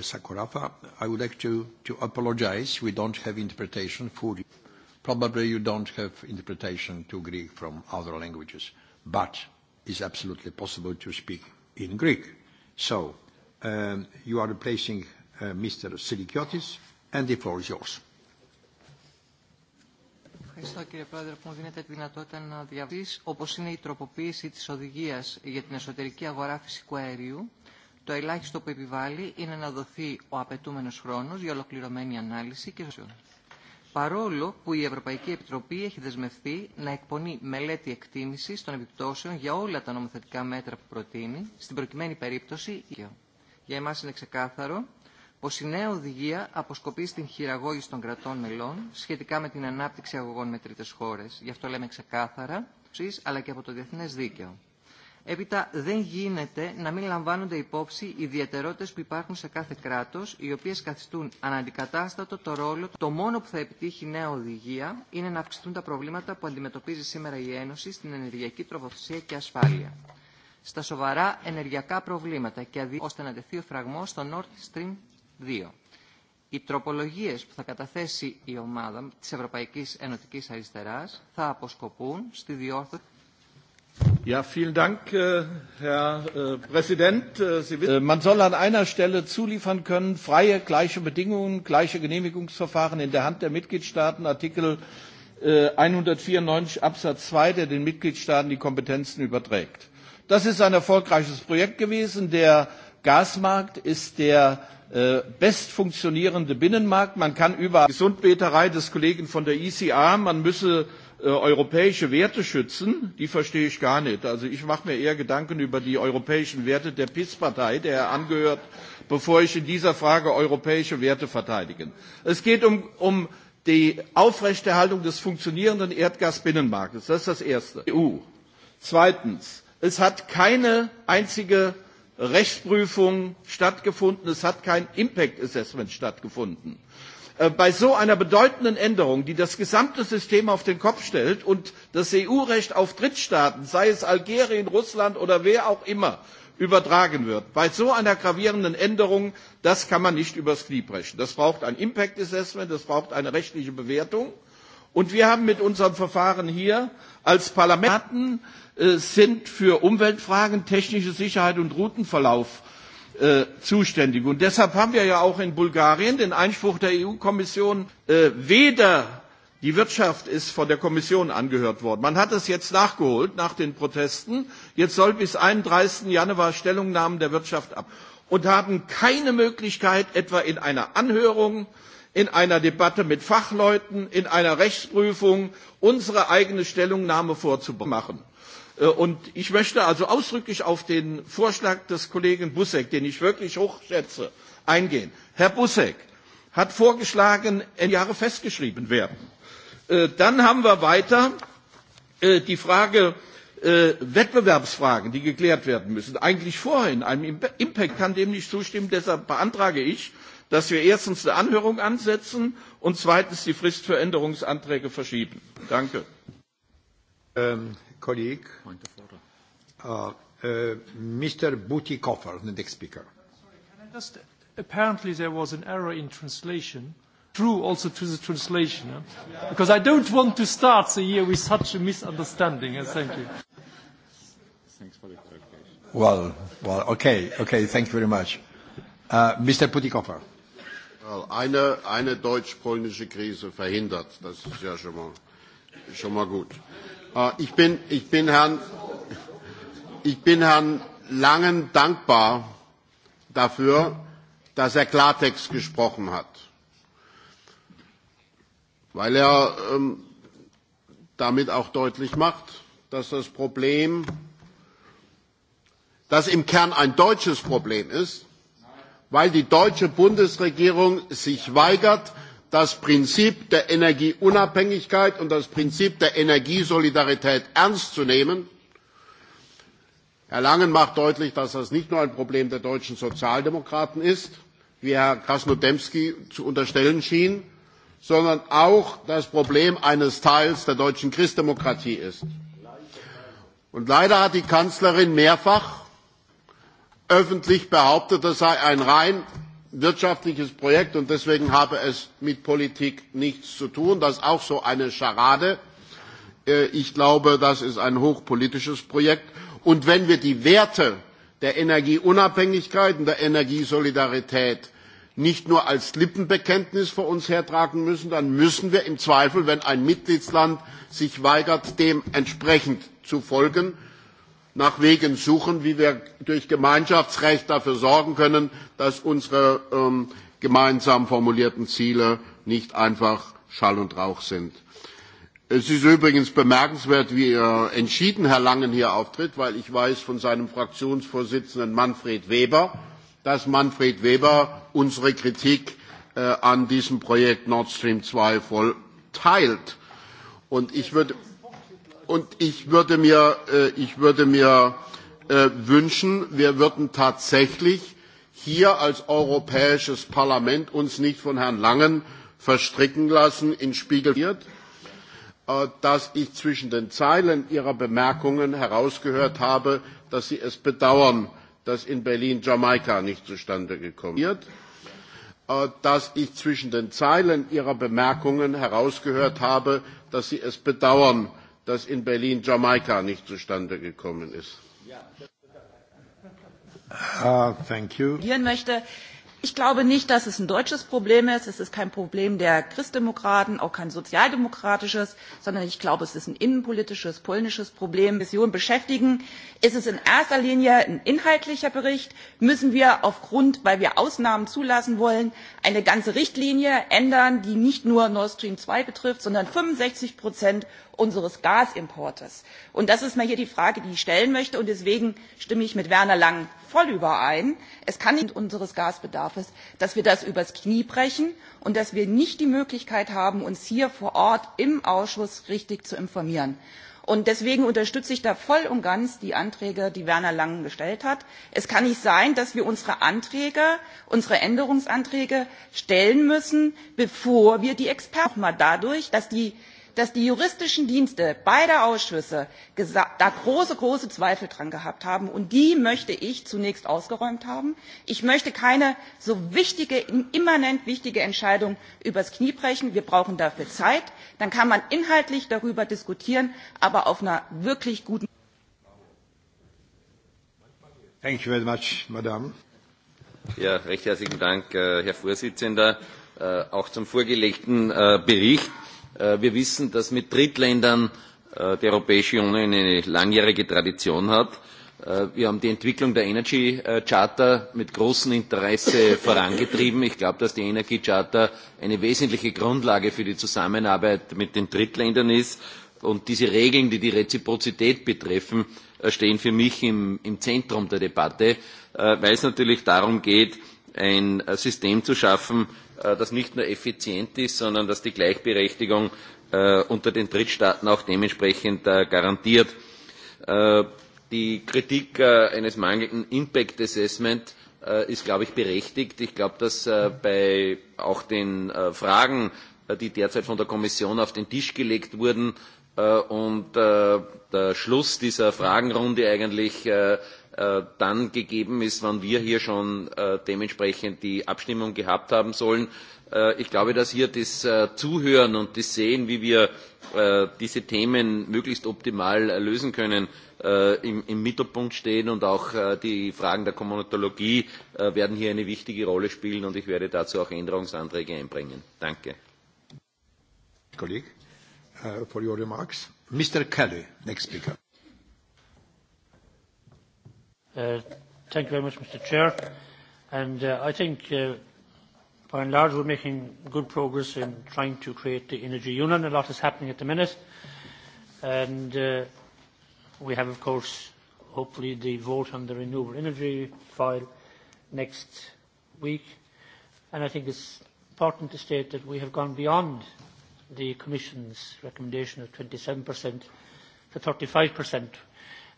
S1: Sakorafa. I would like to apologize. We don't have interpretation for you. Probably you don't have interpretation to Greek from other languages. But is absolutely possible to speak in Greek. So um, you are replacing uh, Mr. Silikiotis and the floor is yours.
S18: Ευχαριστώ κύριε Πρόεδρε που μου δίνετε τη δυνατότητα να διαβείς όπως είναι η τροποποίηση της οδηγίας για την εσωτερική αγορά φυσικού αερίου. Το ελάχιστο που επιβάλλει είναι να δοθεί ο απαιτούμενος χρόνος για ολοκληρωμένη ανάλυση και ζωή παρόλο που η Ευρωπαϊκή Επιτροπή έχει δεσμευτεί να εκπονεί μελέτη εκτίμησης των επιπτώσεων για όλα τα νομοθετικά μέτρα που προτείνει, στην προκειμένη περίπτωση για εμάς είναι ξεκάθαρο πως η νέα οδηγία αποσκοπεί στην χειραγώγηση των κρατών μελών σχετικά με την ανάπτυξη αγωγών με τρίτες χώρες. Γι' αυτό λέμε ξεκάθαρα, αλλά και από το διεθνές δίκαιο. Έπειτα δεν γίνεται να μην λαμβάνονται υπόψη οι ιδιαιτερότητες που υπάρχουν σε κάθε κράτος, οι οποίες καθιστούν αναντικατάστατο το ρόλο. Το μόνο που θα επιτύχει η νέα οδηγία είναι να αυξηθούν τα προβλήματα που αντιμετωπίζει σήμερα η Ένωση στην ενεργειακή τροφοδοσία και ασφάλεια. Στα σοβαρά ενεργειακά προβλήματα και αδί... ώστε να τεθεί ο φραγμός στο Nord Stream 2. Οι τροπολογίες που θα καταθέσει η ομάδα της Ευρωπαϊκής Ενωτική Αριστεράς θα αποσκοπούν στη διόρθωση
S12: Herr Präsident. man soll an einer Stelle zuliefern können, freie, gleiche Bedingungen, gleiche Genehmigungsverfahren in der Hand der Mitgliedstaaten, Artikel 194 Absatz 2, der den Mitgliedstaaten die Kompetenzen überträgt. Das ist ein erfolgreiches Projekt gewesen. Der Gasmarkt ist der best funktionierende Binnenmarkt. Man kann über die Gesundbeterei des Kollegen von der ECR, man müsse europäische Werte schützen, die verstehe ich gar nicht. Also ich mache mir eher Gedanken über die europäischen Werte der PIS-Partei, der er angehört, bevor ich in dieser Frage europäische Werte verteidige. Es geht um die Aufrechterhaltung des funktionierenden Erdgasbinnenmarktes. Das ist das Erste. EU. Zweitens. Es hat keine einzige Rechtsprüfung stattgefunden. Es hat kein Impact Assessment stattgefunden bei so einer bedeutenden Änderung, die das gesamte System auf den Kopf stellt und das EU-Recht auf Drittstaaten, sei es Algerien, Russland oder wer auch immer, übertragen wird, bei so einer gravierenden Änderung, das kann man nicht übers Knie brechen. Das braucht ein Impact Assessment, das braucht eine rechtliche Bewertung. Und wir haben mit unserem Verfahren hier als Parlamenten sind für Umweltfragen, technische Sicherheit und Routenverlauf zuständig. Und deshalb haben wir ja auch in Bulgarien den Einspruch der EU-Kommission, weder die Wirtschaft ist von der Kommission angehört worden. Man hat es jetzt nachgeholt nach den Protesten. Jetzt soll bis 31. Januar Stellungnahmen der Wirtschaft ab. Und haben keine Möglichkeit, etwa in einer Anhörung, in einer Debatte mit Fachleuten, in einer Rechtsprüfung unsere eigene Stellungnahme vorzumachen. Und ich möchte also ausdrücklich auf den Vorschlag des Kollegen Busek, den ich wirklich hochschätze, eingehen. Herr Busek hat vorgeschlagen, Jahre festgeschrieben werden. Dann haben wir weiter die Frage Wettbewerbsfragen, die geklärt werden müssen. Eigentlich vorhin, einem Impact kann dem nicht zustimmen, deshalb beantrage ich, dass wir erstens eine Anhörung ansetzen und zweitens die Frist für Änderungsanträge verschieben. Danke colleague,
S1: Mr. Butikoffer, the next speaker. Sorry,
S14: can I Just
S15: apparently there was an error in translation. True, also to the translation, because I don't want to start the year with such a misunderstanding. Thank you.
S5: Thanks for the
S1: clarification. Well, well, okay, okay. Thank you very much, Uh, Mr. Putikoffer.
S4: Well, eine eine deutsch-polnische Krise verhindert. Das ist ja schon mal schon mal gut. Ich bin, Herrn, ich bin Langen dankbar dafür, dass er Klartext gesprochen hat, weil er damit auch deutlich macht, dass das Problem, das im Kern ein deutsches Problem ist, weil die deutsche Bundesregierung sich weigert, das Prinzip der Energieunabhängigkeit und das Prinzip der Energiesolidarität ernst zu nehmen. Herr Langen macht deutlich, dass das nicht nur ein Problem der deutschen Sozialdemokraten ist, wie Herr Krasnodemski zu unterstellen schien, sondern auch das Problem eines Teils der deutschen Christdemokratie ist. Und leider hat die Kanzlerin mehrfach öffentlich behauptet, das sei ein rein wirtschaftliches Projekt und deswegen habe es mit Politik nichts zu tun. Das ist auch so eine Scharade. Ich glaube, das ist ein hochpolitisches Projekt. Und wenn wir die Werte der Energieunabhängigkeit und der Energiesolidarität nicht nur als Lippenbekenntnis vor uns hertragen müssen, dann müssen wir im Zweifel, wenn ein Mitgliedsland sich weigert, dem entsprechend zu folgen, nach Wegen suchen, wie wir durch Gemeinschaftsrecht dafür sorgen können, dass unsere gemeinsam formulierten Ziele nicht einfach Schall und Rauch sind. Es ist übrigens bemerkenswert, wie entschieden Herr Langen hier auftritt, weil ich weiß von seinem Fraktionsvorsitzenden Manfred Weber, dass Manfred Weber unsere Kritik an diesem Projekt Nord Stream 2 voll teilt. ich würde Und ich würde mir wünschen, wir würden tatsächlich hier als Europäisches Parlament uns nicht von Herrn Langen verstricken lassen in Spiegel, dass ich zwischen den Zeilen Ihrer Bemerkungen herausgehört habe, dass Sie es bedauern, dass in Berlin Jamaika nicht zustande gekommen ist, dass ich zwischen den Zeilen Ihrer Bemerkungen herausgehört habe, dass Sie es bedauern, dass in Berlin Jamaika nicht zustande gekommen ist.
S8: ich glaube nicht, dass es ein deutsches Problem ist. Es ist kein Problem der Christdemokraten, auch kein sozialdemokratisches, sondern ich glaube, es ist ein innenpolitisches, polnisches Problem. Mission beschäftigen. Ist es in erster Linie ein inhaltlicher Bericht? Müssen wir aufgrund, weil wir Ausnahmen zulassen wollen, eine ganze Richtlinie ändern, die nicht nur Nord Stream 2 betrifft, sondern 65 Prozent unseres Gasimportes. Und das ist mir hier die Frage, die ich stellen möchte. Und deswegen stimme ich mit Werner Langen voll überein. Es kann nicht unseres Gasbedarfs, dass wir das übers Knie brechen und dass wir nicht die Möglichkeit haben, uns hier vor Ort im Ausschuss richtig zu informieren. deswegen unterstütze ich da voll und ganz die Anträge, die Werner Langen gestellt hat. Es kann nicht sein, dass wir unsere Anträge, unsere Änderungsanträge stellen müssen, bevor wir die Experten, dadurch, dass die dass die juristischen dienste beider ausschüsse da große große zweifel dran gehabt haben und die möchte ich zunächst ausgeräumt haben. ich möchte keine so wichtige immanent wichtige entscheidung übers knie brechen wir brauchen dafür zeit dann kann man inhaltlich darüber diskutieren aber auf einer wirklich guten
S1: Thank you very much,
S7: recht herzlichen Dank, Herr Vorsitzender. Auch zum vorgelegten Bericht Wir wissen, dass mit Drittländern die Europäische Union eine langjährige Tradition hat. Wir haben die Entwicklung der Energy Charter mit großem Interesse vorangetrieben. Ich glaube, dass die Energy Charter eine wesentliche Grundlage für die Zusammenarbeit mit den Drittländern ist. Und diese Regeln, die die Reziprozität betreffen, stehen für mich im Zentrum der Debatte, weil es natürlich darum geht, ein System zu schaffen, das nicht nur effizient ist, sondern dass die Gleichberechtigung unter den Drittstaaten auch dementsprechend garantiert. Die Kritik eines mangelnden Impact Assessment ist, glaube ich, berechtigt. Ich glaube, dass bei auch den Fragen, die derzeit von der Kommission auf den Tisch gelegt wurden, und der Schluss dieser Fragenrunde eigentlich dann gegeben ist, wann wir hier schon dementsprechend die Abstimmung gehabt haben sollen. Ich glaube, dass hier das Zuhören und das Sehen, wie wir diese Themen möglichst optimal lösen können, im Mittelpunkt stehen und auch die Fragen der Kommunatologie werden hier eine wichtige Rolle spielen und ich werde dazu auch Änderungsanträge einbringen. Danke.
S1: Mr. Kelly, next speaker.
S19: Thank you very much, Mr. Chair. And I think, by and large, we're making good progress in trying to create the energy union. A lot is happening at the minute. And we have, of course, hopefully the vote on the renewable energy file next week. And I think it's important to state that we have gone beyond the Commission's recommendation of twenty 27% to thirty 35%.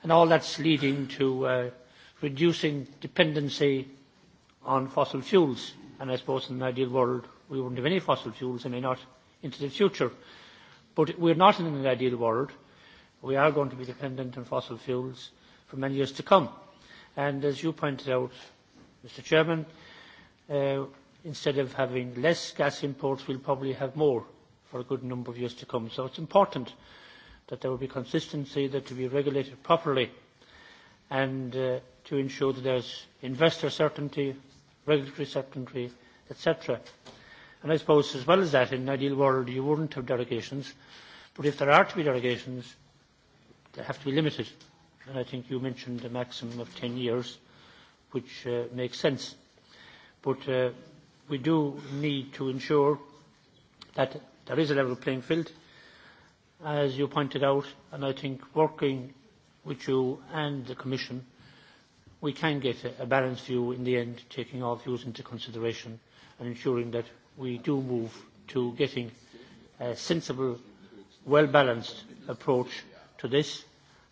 S19: And all that's leading to reducing dependency on fossil fuels. And I suppose in an ideal world we wouldn't have any fossil fuels, and may not into the future. But we're not in an ideal world. We are going to be dependent on fossil fuels for many years to come. And as you pointed out, Mr. Chairman, instead of having less gas imports, we'll probably have more for a good number of years to come. So it's important that there will be consistency, that to be regulated properly. And to ensure that there is investor certainty, regulatory certainty, etc. And I suppose as well as that, in an ideal world, you wouldn't have derogations. But if there are to be derogations, they have to be limited. And I think you mentioned a maximum of 10 years, which makes sense. But we do need to ensure that there is a level playing field, as you pointed out, and I think working with you and the Commission we can get a balanced view in the end, taking all views into consideration and ensuring that we do move to getting a sensible, well-balanced approach to this,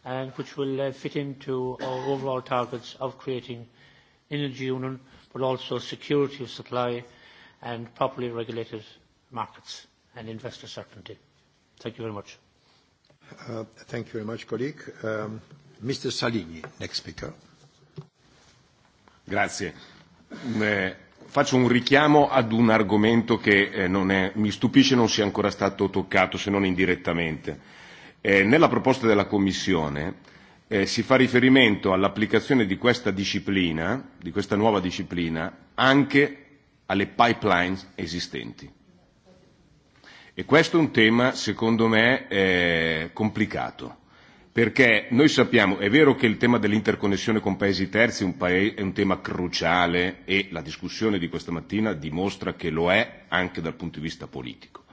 S19: and which will fit into our overall targets of creating energy union, but also security of supply and properly regulated markets and investor certainty. Thank you very much.
S1: Thank you very much, colleague. Mr. Salini, next speaker.
S20: Grazie. Eh, faccio un richiamo ad un argomento che eh, non è, mi stupisce non sia ancora stato toccato, se non indirettamente. nella proposta della Commissione si fa riferimento all'applicazione di questa disciplina, di questa nuova disciplina, anche alle pipelines esistenti. E questo è un tema, secondo me, complicato perché noi sappiamo, è vero che il tema dell'interconnessione con paesi terzi è un tema cruciale e la discussione di questa mattina dimostra che lo è anche dal punto di vista politico.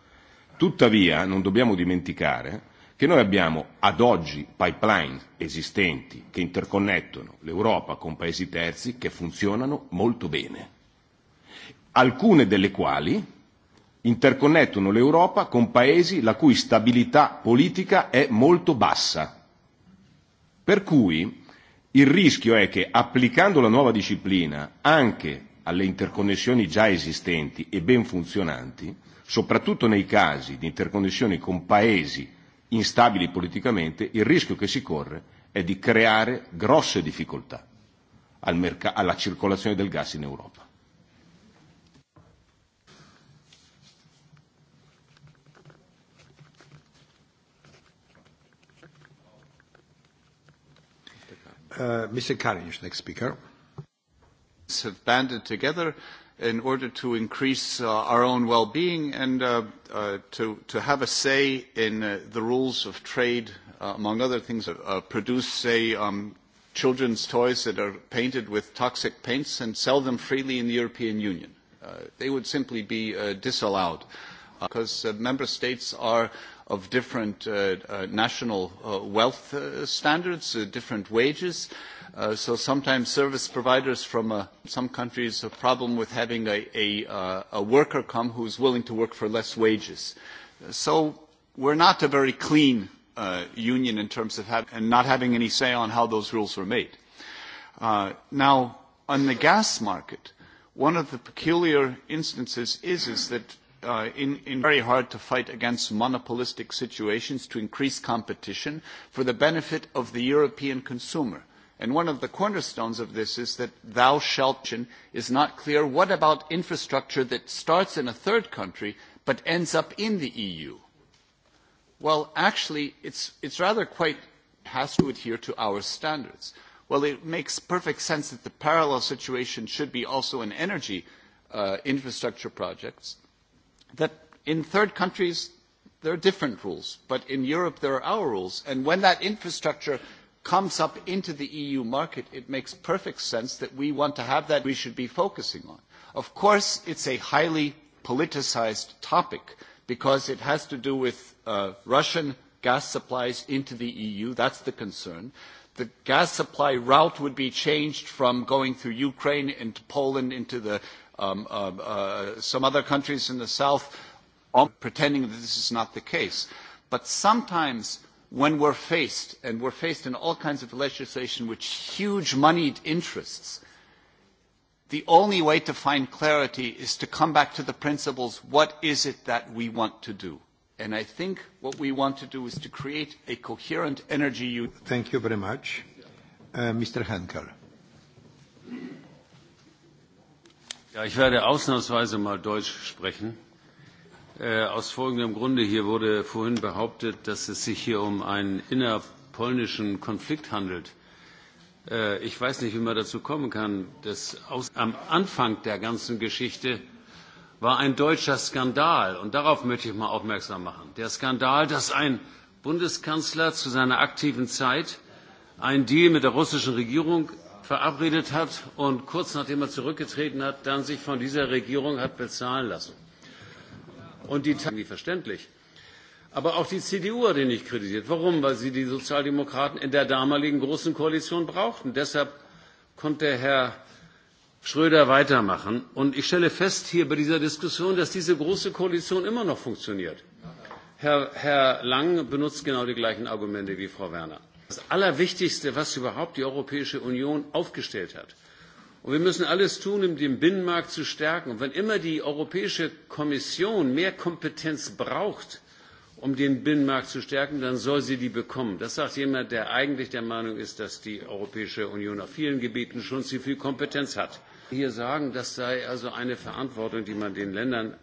S20: Tuttavia non dobbiamo dimenticare che noi abbiamo ad oggi pipeline esistenti che interconnettono l'Europa con paesi terzi che funzionano molto bene, alcune delle quali interconnettono l'Europa con paesi la cui stabilità politica è molto bassa Per cui il rischio è che applicando la nuova disciplina anche alle interconnessioni già esistenti e ben funzionanti, soprattutto nei casi di interconnessioni con paesi instabili politicamente, il rischio che si corre è di creare grosse difficoltà alla circolazione del gas in Europa.
S14: Mr. Karinj, next speaker. Have banded together in order to increase our own well-being and to have a say in the rules of trade, among other things. Produce, say, children's toys that are painted with toxic paints and sell them freely in the European Union. They would simply be disallowed because member states are of different national wealth standards, different wages. So sometimes service providers from some countries have a problem with having a worker come who is willing to work for less wages. So we're not a very clean union in terms of not having any say on how those rules were made. Now, on the gas market, one of the peculiar instances is that in very hard to fight against monopolistic situations to increase competition for the benefit of the European consumer. And one of the cornerstones of this is that thou shalt is not clear. What about infrastructure that starts in a third country but ends up in the EU? Well, actually, it's rather quite has to adhere to our standards. Well, it makes perfect sense that the parallel situation should be also in energy infrastructure projects that in third countries there are different rules, but in Europe there are our rules. And when that infrastructure comes up into the EU market, it makes perfect sense that we want to have that we should be focusing on. Of course, it's a highly politicized topic because it has to do with Russian gas supplies into the EU. That's the concern. The gas supply route would be changed from going through Ukraine into Poland into the some other countries in the south pretending that this is not the case. But sometimes when we're faced, and we're faced in all kinds of legislation with huge moneyed interests, the only way to find clarity is to come back to the principles, what is it that we want to do? And I think what we want to do is to create a coherent energy.
S1: Thank you very much. Mr. Henkel.
S21: ich werde ausnahmsweise mal Deutsch sprechen. Aus folgendem Grunde. Hier wurde vorhin behauptet, dass es sich hier um einen innerpolnischen Konflikt handelt. Ich weiß nicht, wie man dazu kommen kann. dass Am Anfang der ganzen Geschichte war ein deutscher Skandal. Und darauf möchte ich mal aufmerksam machen. Der Skandal, dass ein Bundeskanzler zu seiner aktiven Zeit einen Deal mit der russischen Regierung verabredet hat und kurz nachdem er zurückgetreten hat, dann sich von dieser Regierung hat bezahlen lassen. Und die wie verständlich. Aber auch die CDU hat ihn nicht kritisiert. Warum? Weil sie die Sozialdemokraten in der damaligen Großen Koalition brauchten. Deshalb konnte Herr Schröder weitermachen. Und ich stelle fest hier bei dieser Diskussion, dass diese Große Koalition immer noch funktioniert. Herr Lang benutzt genau die gleichen Argumente wie Frau Werner das Allerwichtigste, was überhaupt die Europäische Union aufgestellt hat. Und wir müssen alles tun, um den Binnenmarkt zu stärken. Und wenn immer die Europäische Kommission mehr Kompetenz braucht, um den Binnenmarkt zu stärken, dann soll sie die bekommen. Das sagt jemand, der eigentlich der Meinung ist, dass die Europäische Union auf vielen Gebieten schon zu viel Kompetenz hat. Hier sagen, das sei also eine Verantwortung, die man den Ländern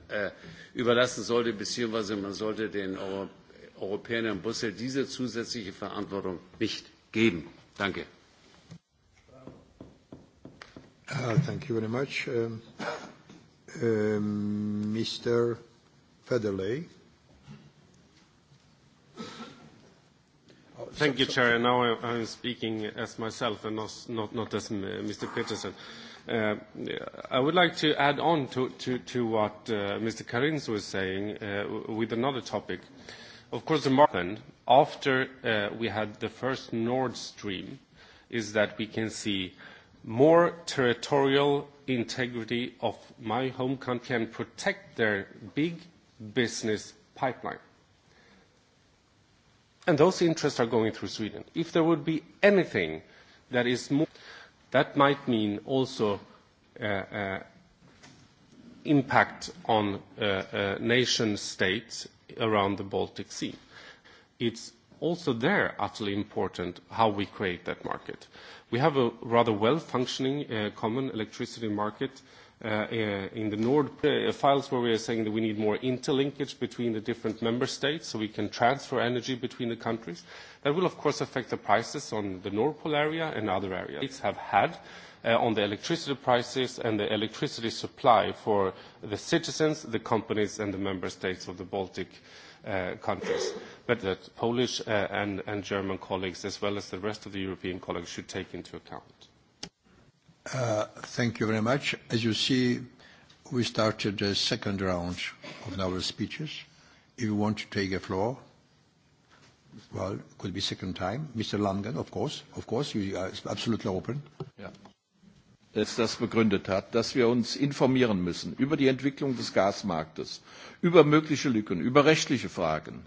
S21: überlassen sollte, beziehungsweise man sollte den Europäischen Europäern in Brüssel diese zusätzliche Verantwortung nicht geben. Danke.
S1: Thank you very much. Mr. Federley.
S6: Thank you, Chair. Now I am speaking as myself and not as Mr. Peterson. I would like to add on to what Mr. Karins was saying with another topic Of course, the market after we had the first Nord Stream is that we can see more territorial integrity of my home country and protect their big business pipeline. And those interests are going through Sweden. If there would be anything that is more, that might mean also impact on nation states around the Baltic Sea. It's also there utterly important how we create that market. We have a rather well-functioning common electricity market in the Nord files where we are saying that we need more interlinkage between the different member states so we can transfer energy between the countries. That will, of course, affect the prices on the Nord area and other areas. States have had on the electricity prices and the electricity supply for the citizens, the companies and the member states of the Baltic countries. But that Polish and German colleagues, as well as the rest of the European colleagues, should take into account.
S1: Thank you very much. As you see, we started the second round of our speeches. If you want to take a floor, well, could be second time. Mr. Langen, of course, of course, you are absolutely open
S12: es das begründet hat, dass wir uns informieren müssen über die Entwicklung des Gasmarktes, über mögliche Lücken, über rechtliche Fragen.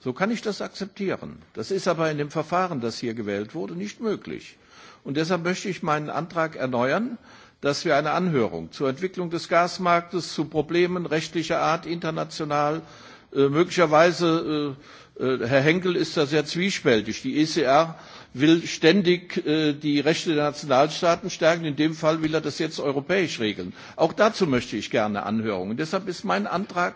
S12: So kann ich das akzeptieren. Das ist aber in dem Verfahren, das hier gewählt wurde, nicht möglich. Und deshalb möchte ich meinen Antrag erneuern, dass wir eine Anhörung zur Entwicklung des Gasmarktes, zu Problemen rechtlicher Art international, möglicherweise, Herr Henkel ist da sehr zwiespältig, die ECR will ständig die Rechte der Nationalstaaten stärken. In dem Fall will er das jetzt europäisch regeln. Auch dazu möchte ich gerne Anhörungen. Deshalb ist mein Antrag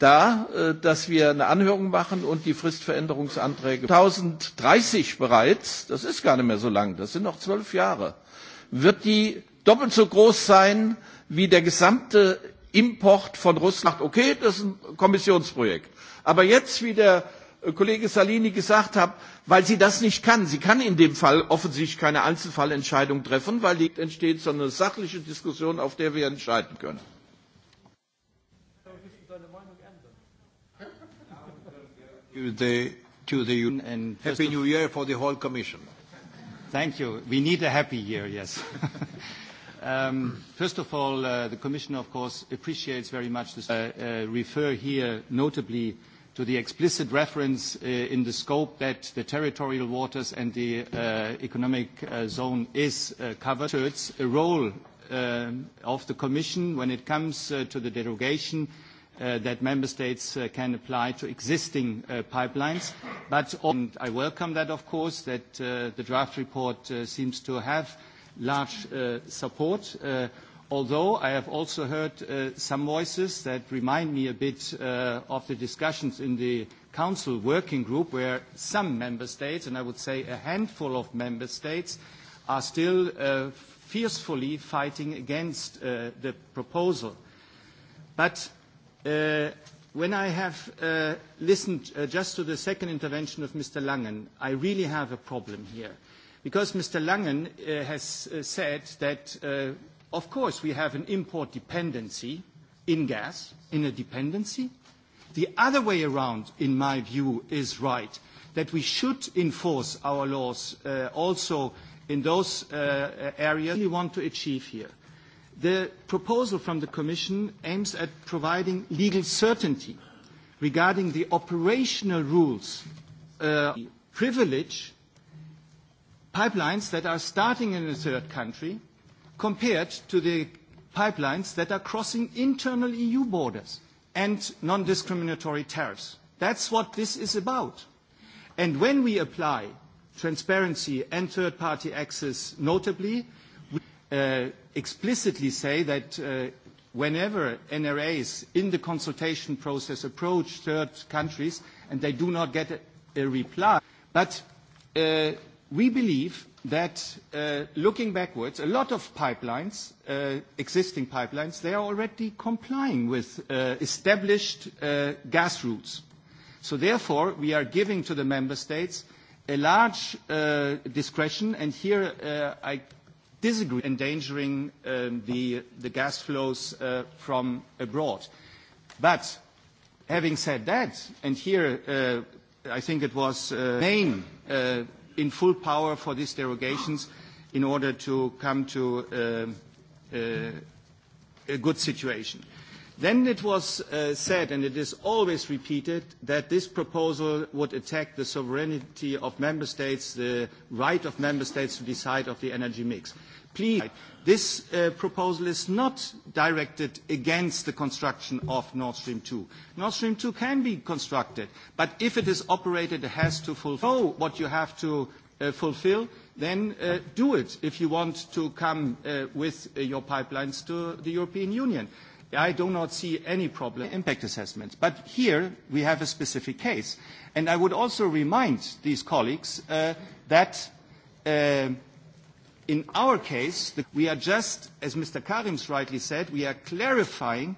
S12: da, dass wir eine Anhörung machen und die Fristveränderungsanträge 2030 bereits, das ist gar nicht mehr so lang, das sind noch zwölf Jahre, wird die doppelt so groß sein wie der gesamte Import von Russland. Okay, das ist ein Kommissionsprojekt. Aber jetzt, wie der Kollege Salini gesagt hat, weil sie das nicht kann. Sie kann in dem Fall offensichtlich keine Einzelfallentscheidung treffen, weil liegt entsteht sondern eine sachliche Diskussion, auf der wir entscheiden können.
S1: Happy New Year for the whole Commission. Thank you. We
S22: need a happy year, yes. um, First of all, the Commission, of course, appreciates very much this. Refer here notably to the explicit reference in the scope that the territorial waters and the economic zone is covered. It's a role of the Commission when it comes to the derogation that member states can apply to existing pipelines. But I welcome that, of course, that the draft report seems to have large support although I have also heard some voices that remind me a bit of the discussions in the Council working group where some member states, and I would say a handful of member states, are still fiercely fighting against the proposal. But when I have listened just to the second intervention of Mr. Langen, I really have a problem here. Because Mr. Langen has said that of course, we have an import dependency in gas, in a dependency. The other way around, in my view, is right, that we should enforce our laws also in those areas we want to achieve here. The proposal from the Commission aims at providing legal certainty regarding the operational rules privilege pipelines that are starting in a third country compared to the pipelines that are crossing internal EU borders and non-discriminatory tariffs. That's what this is about. And when we apply transparency and third-party access notably, we explicitly say that whenever NRAs in the consultation process approach third countries and they do not get a reply, but We believe that looking backwards, a lot of pipelines, existing pipelines, they are already complying with established gas routes. So therefore, we are giving to the member states a large discretion, and here I disagree, endangering the gas flows from abroad. But having said that, and here I think it was main in full power for these derogations in order to come to a good situation. Then it was said, and it is always repeated, that this proposal would attack the sovereignty of member states, the right of member states to decide of the energy mix. Please, This proposal is not directed against the construction of Nord Stream 2. Nord Stream 2 can be constructed, but if it is operated, it has to fulfill what you have to fulfill, then do it if you want to come with your pipelines to the European Union. I do not see any problem impact assessments. But here we have a specific case. And I would also remind these colleagues that In our case, we are just, as Mr. Karim rightly said, we are clarifying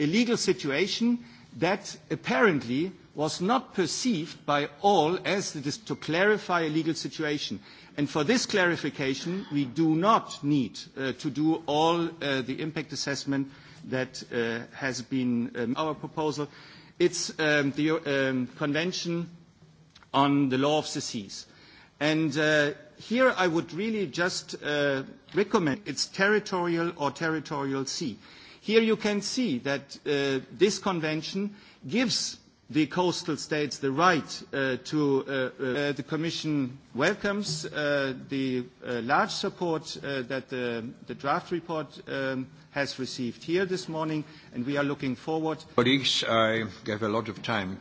S22: a legal situation that apparently was not perceived by all as it is to clarify a legal situation. And for this clarification, we do not need to do all the impact assessment that has been our proposal. It's the Convention on the Law of the Seas. And here I would really just recommend its territorial or territorial sea. Here you can see that this convention gives the coastal states the right to the Commission welcomes the large support that the draft report has received here this morning
S1: and we are looking forward. Colleagues, I gave a lot of time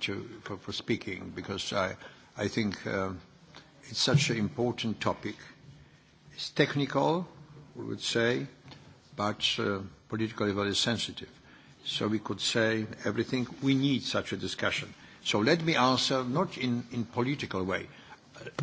S1: for speaking because I think it's such an important topic. It's technical, we would say, but politically very sensitive. So we could say everything. We need such a discussion. So let me answer, not in in political way.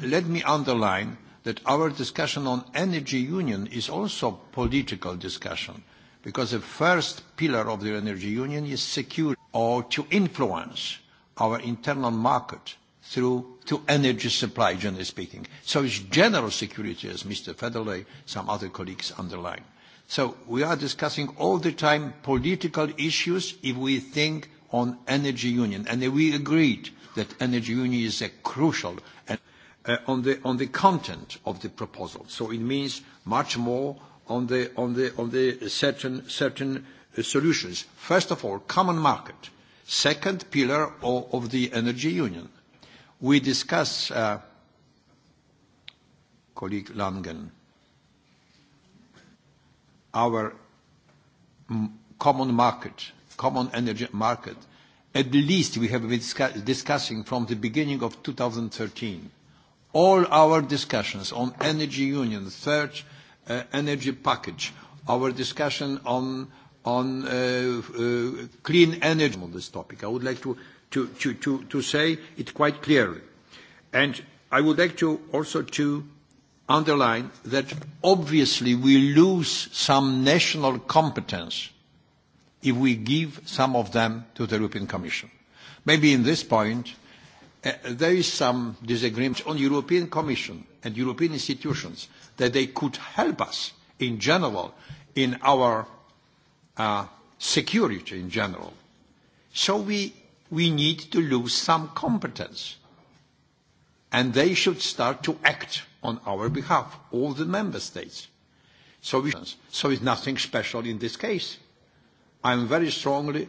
S1: Let me underline that our discussion on energy union is also political discussion, because the first pillar of the energy union is security, or to influence our internal market through to energy supply, generally speaking. So it's general security, as Mr. Federley, some other colleagues underline. So we are discussing all the time political issues if we think on energy union, and we agreed that energy union is a crucial on the on the content of the proposal. So it means much more on the on the on the certain certain solutions. First of all, common market. Second pillar of the energy union We discuss, colleague Langen, our common market, common energy market. At least we have been discussing from the beginning of 2013. All our discussions on energy union, third energy package, our discussion on on clean energy on this topic. I would like to to say it quite clearly. And I would like to also to underline that obviously we lose some national competence if we give some of them to the European Commission. Maybe in this point there is some disagreement on European Commission and European institutions that they could help us in general in our security in general. So we we need to lose some competence. And they should start to act on our behalf, all the member states. So so it's nothing special in this case. I'm very strongly,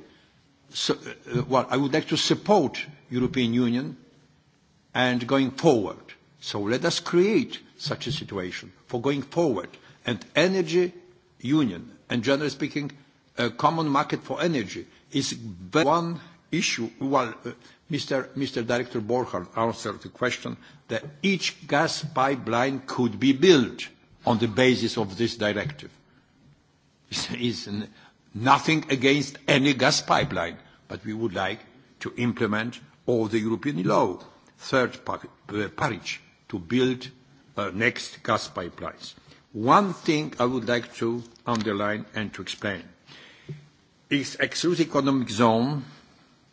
S1: well, I would like to support European Union and going forward. So let us create such a situation for going forward. And energy union, and generally speaking, a common market for energy is one issue, well, Mr. Director Borchard answered the question that each gas pipeline could be built on the basis of this directive. Is nothing against any gas pipeline, but we would like to implement all the European law, third package, to build next gas pipelines. One thing I would like to underline and to explain. Its exclusive economic zone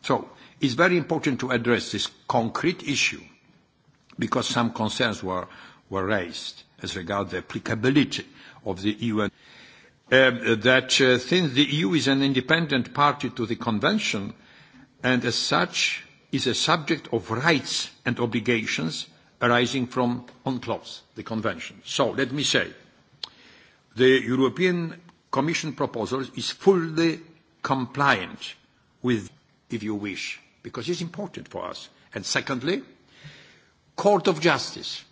S1: So it's very important to address this concrete issue because some concerns were raised as regards the applicability of the EU. That since the EU is an independent party to the Convention and as such is a subject of rights and obligations arising from UNCLOS, the Convention. So let me say, the European Commission proposal is fully compliant with if you wish, because it's important for us. And secondly, Court of Justice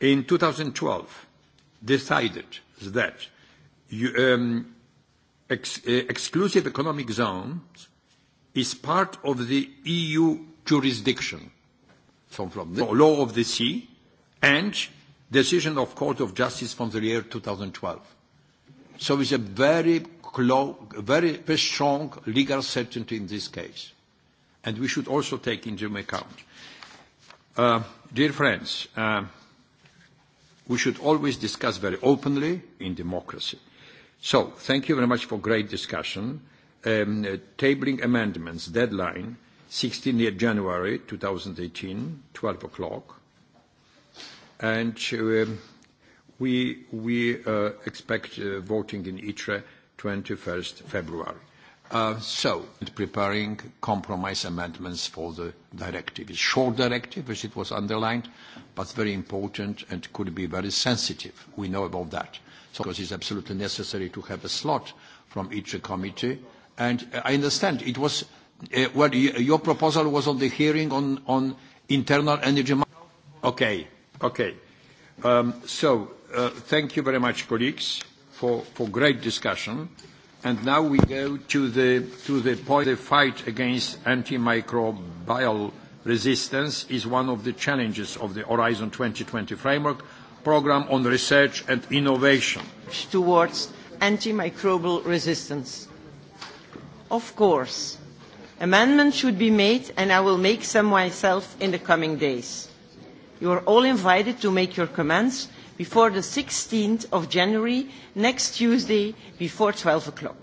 S1: in 2012 decided that exclusive economic zones is part of the EU jurisdiction from the law of the sea and decision of Court of Justice from the year 2012. So it's a very very strong legal certainty in this case. And we should also take into account. Dear friends, we should always discuss very openly in democracy. So thank you very much for great discussion. Tabling amendments, deadline 16 th January 2018, 12 o'clock. And We expect voting in ITRE 21st February. So, preparing compromise amendments for the directive. It's short directive, as it was underlined, but very important and could be very sensitive. We know about that. So, because it's absolutely necessary to have a slot from ITRE committee. And I understand it was, well, your proposal was on the hearing on internal energy. Okay, okay. So Thank you very much, colleagues, for great discussion. And now we go to the point. The fight against antimicrobial resistance is one of the challenges of the Horizon 2020 framework program on research
S23: and innovation. Towards antimicrobial resistance. Of course, amendments should be made, and I will make some myself in the coming days. You are all invited to make your comments before the 16 of January, next Tuesday, before 12 o'clock.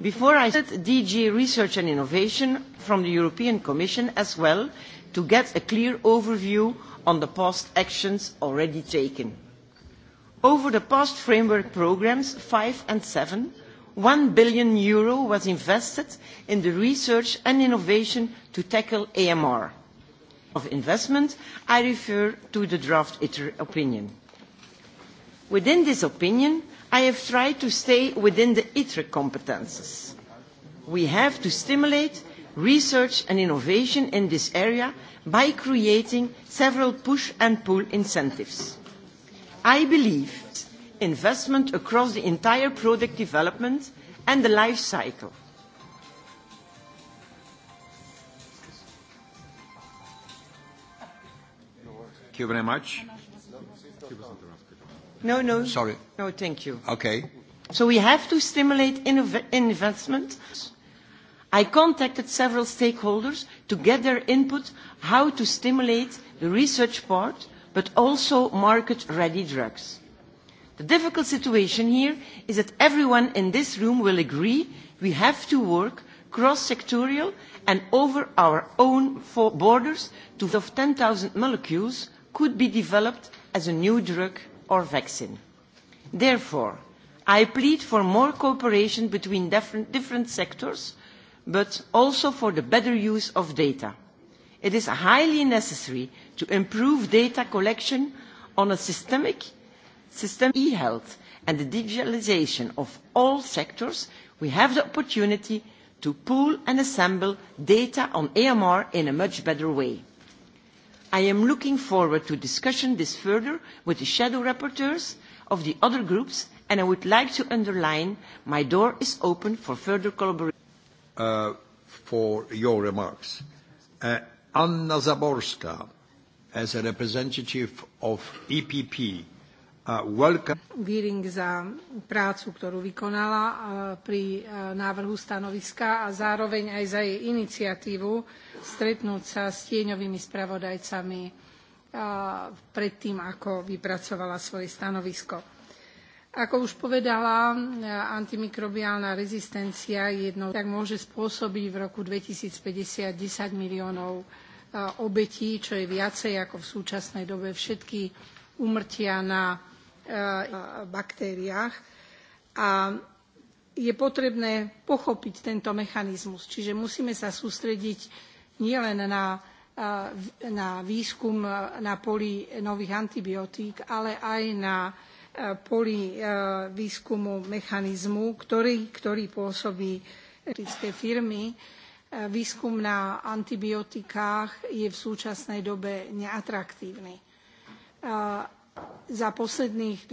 S23: Before I said DG Research and Innovation from the European Commission as well, to get a clear overview on the past actions already taken. Over the past framework programmes 5 and seven, 1 billion was invested in the research and innovation to tackle AMR of investment, I refer to the draft ITER opinion. Within this opinion, I have tried to stay within the ITER competences. We have to stimulate research and innovation in this area by creating several push and pull incentives. I believe investment across the entire product development and the life cycle you very much. No, no. Sorry. No, thank you. Okay. So we have to stimulate investment. I contacted several stakeholders to get their input how to stimulate the research part, but also market-ready drugs. The difficult situation here is that everyone in this room will agree we have to work cross-sectorial and over our own borders to the 10,000 molecules could be developed as a new drug or vaccine. Therefore, I plead for more cooperation between different sectors, but also for the better use of data. It is highly necessary to improve data collection on a systemic system e-health and the digitalisation of all sectors. We have the opportunity to pool and assemble data on AMR in a much better way. I am looking forward to discussing this further with the shadow rapporteurs of the other groups, and I would like to underline my door is open for further collaboration. For your remarks,
S1: Anna Zaborska, as a representative of EPP
S24: Gýring za prácu, ktorú vykonala pri návrhu stanoviska a zároveň aj za jej iniciatívu stretnúť sa s tieňovými spravodajcami predtým, ako vypracovala svoje stanovisko. Ako už povedala, antimikrobiálna rezistencia jedno tak môže spôsobiť v roku 2050 10 miliónov obetí, čo je viacej ako v súčasnej dobe všetky úmrtia na baktériách a je potrebné pochopiť tento mechanizmus. Čiže musíme sa sústrediť nielen na na výskum na poli nových antibiotík, ale aj na poli výskumu mechanizmu, ktorý, ktorý pôsobí etické firmy. Výskum na antibiotikách je v súčasnej dobe neatraktívny za posledných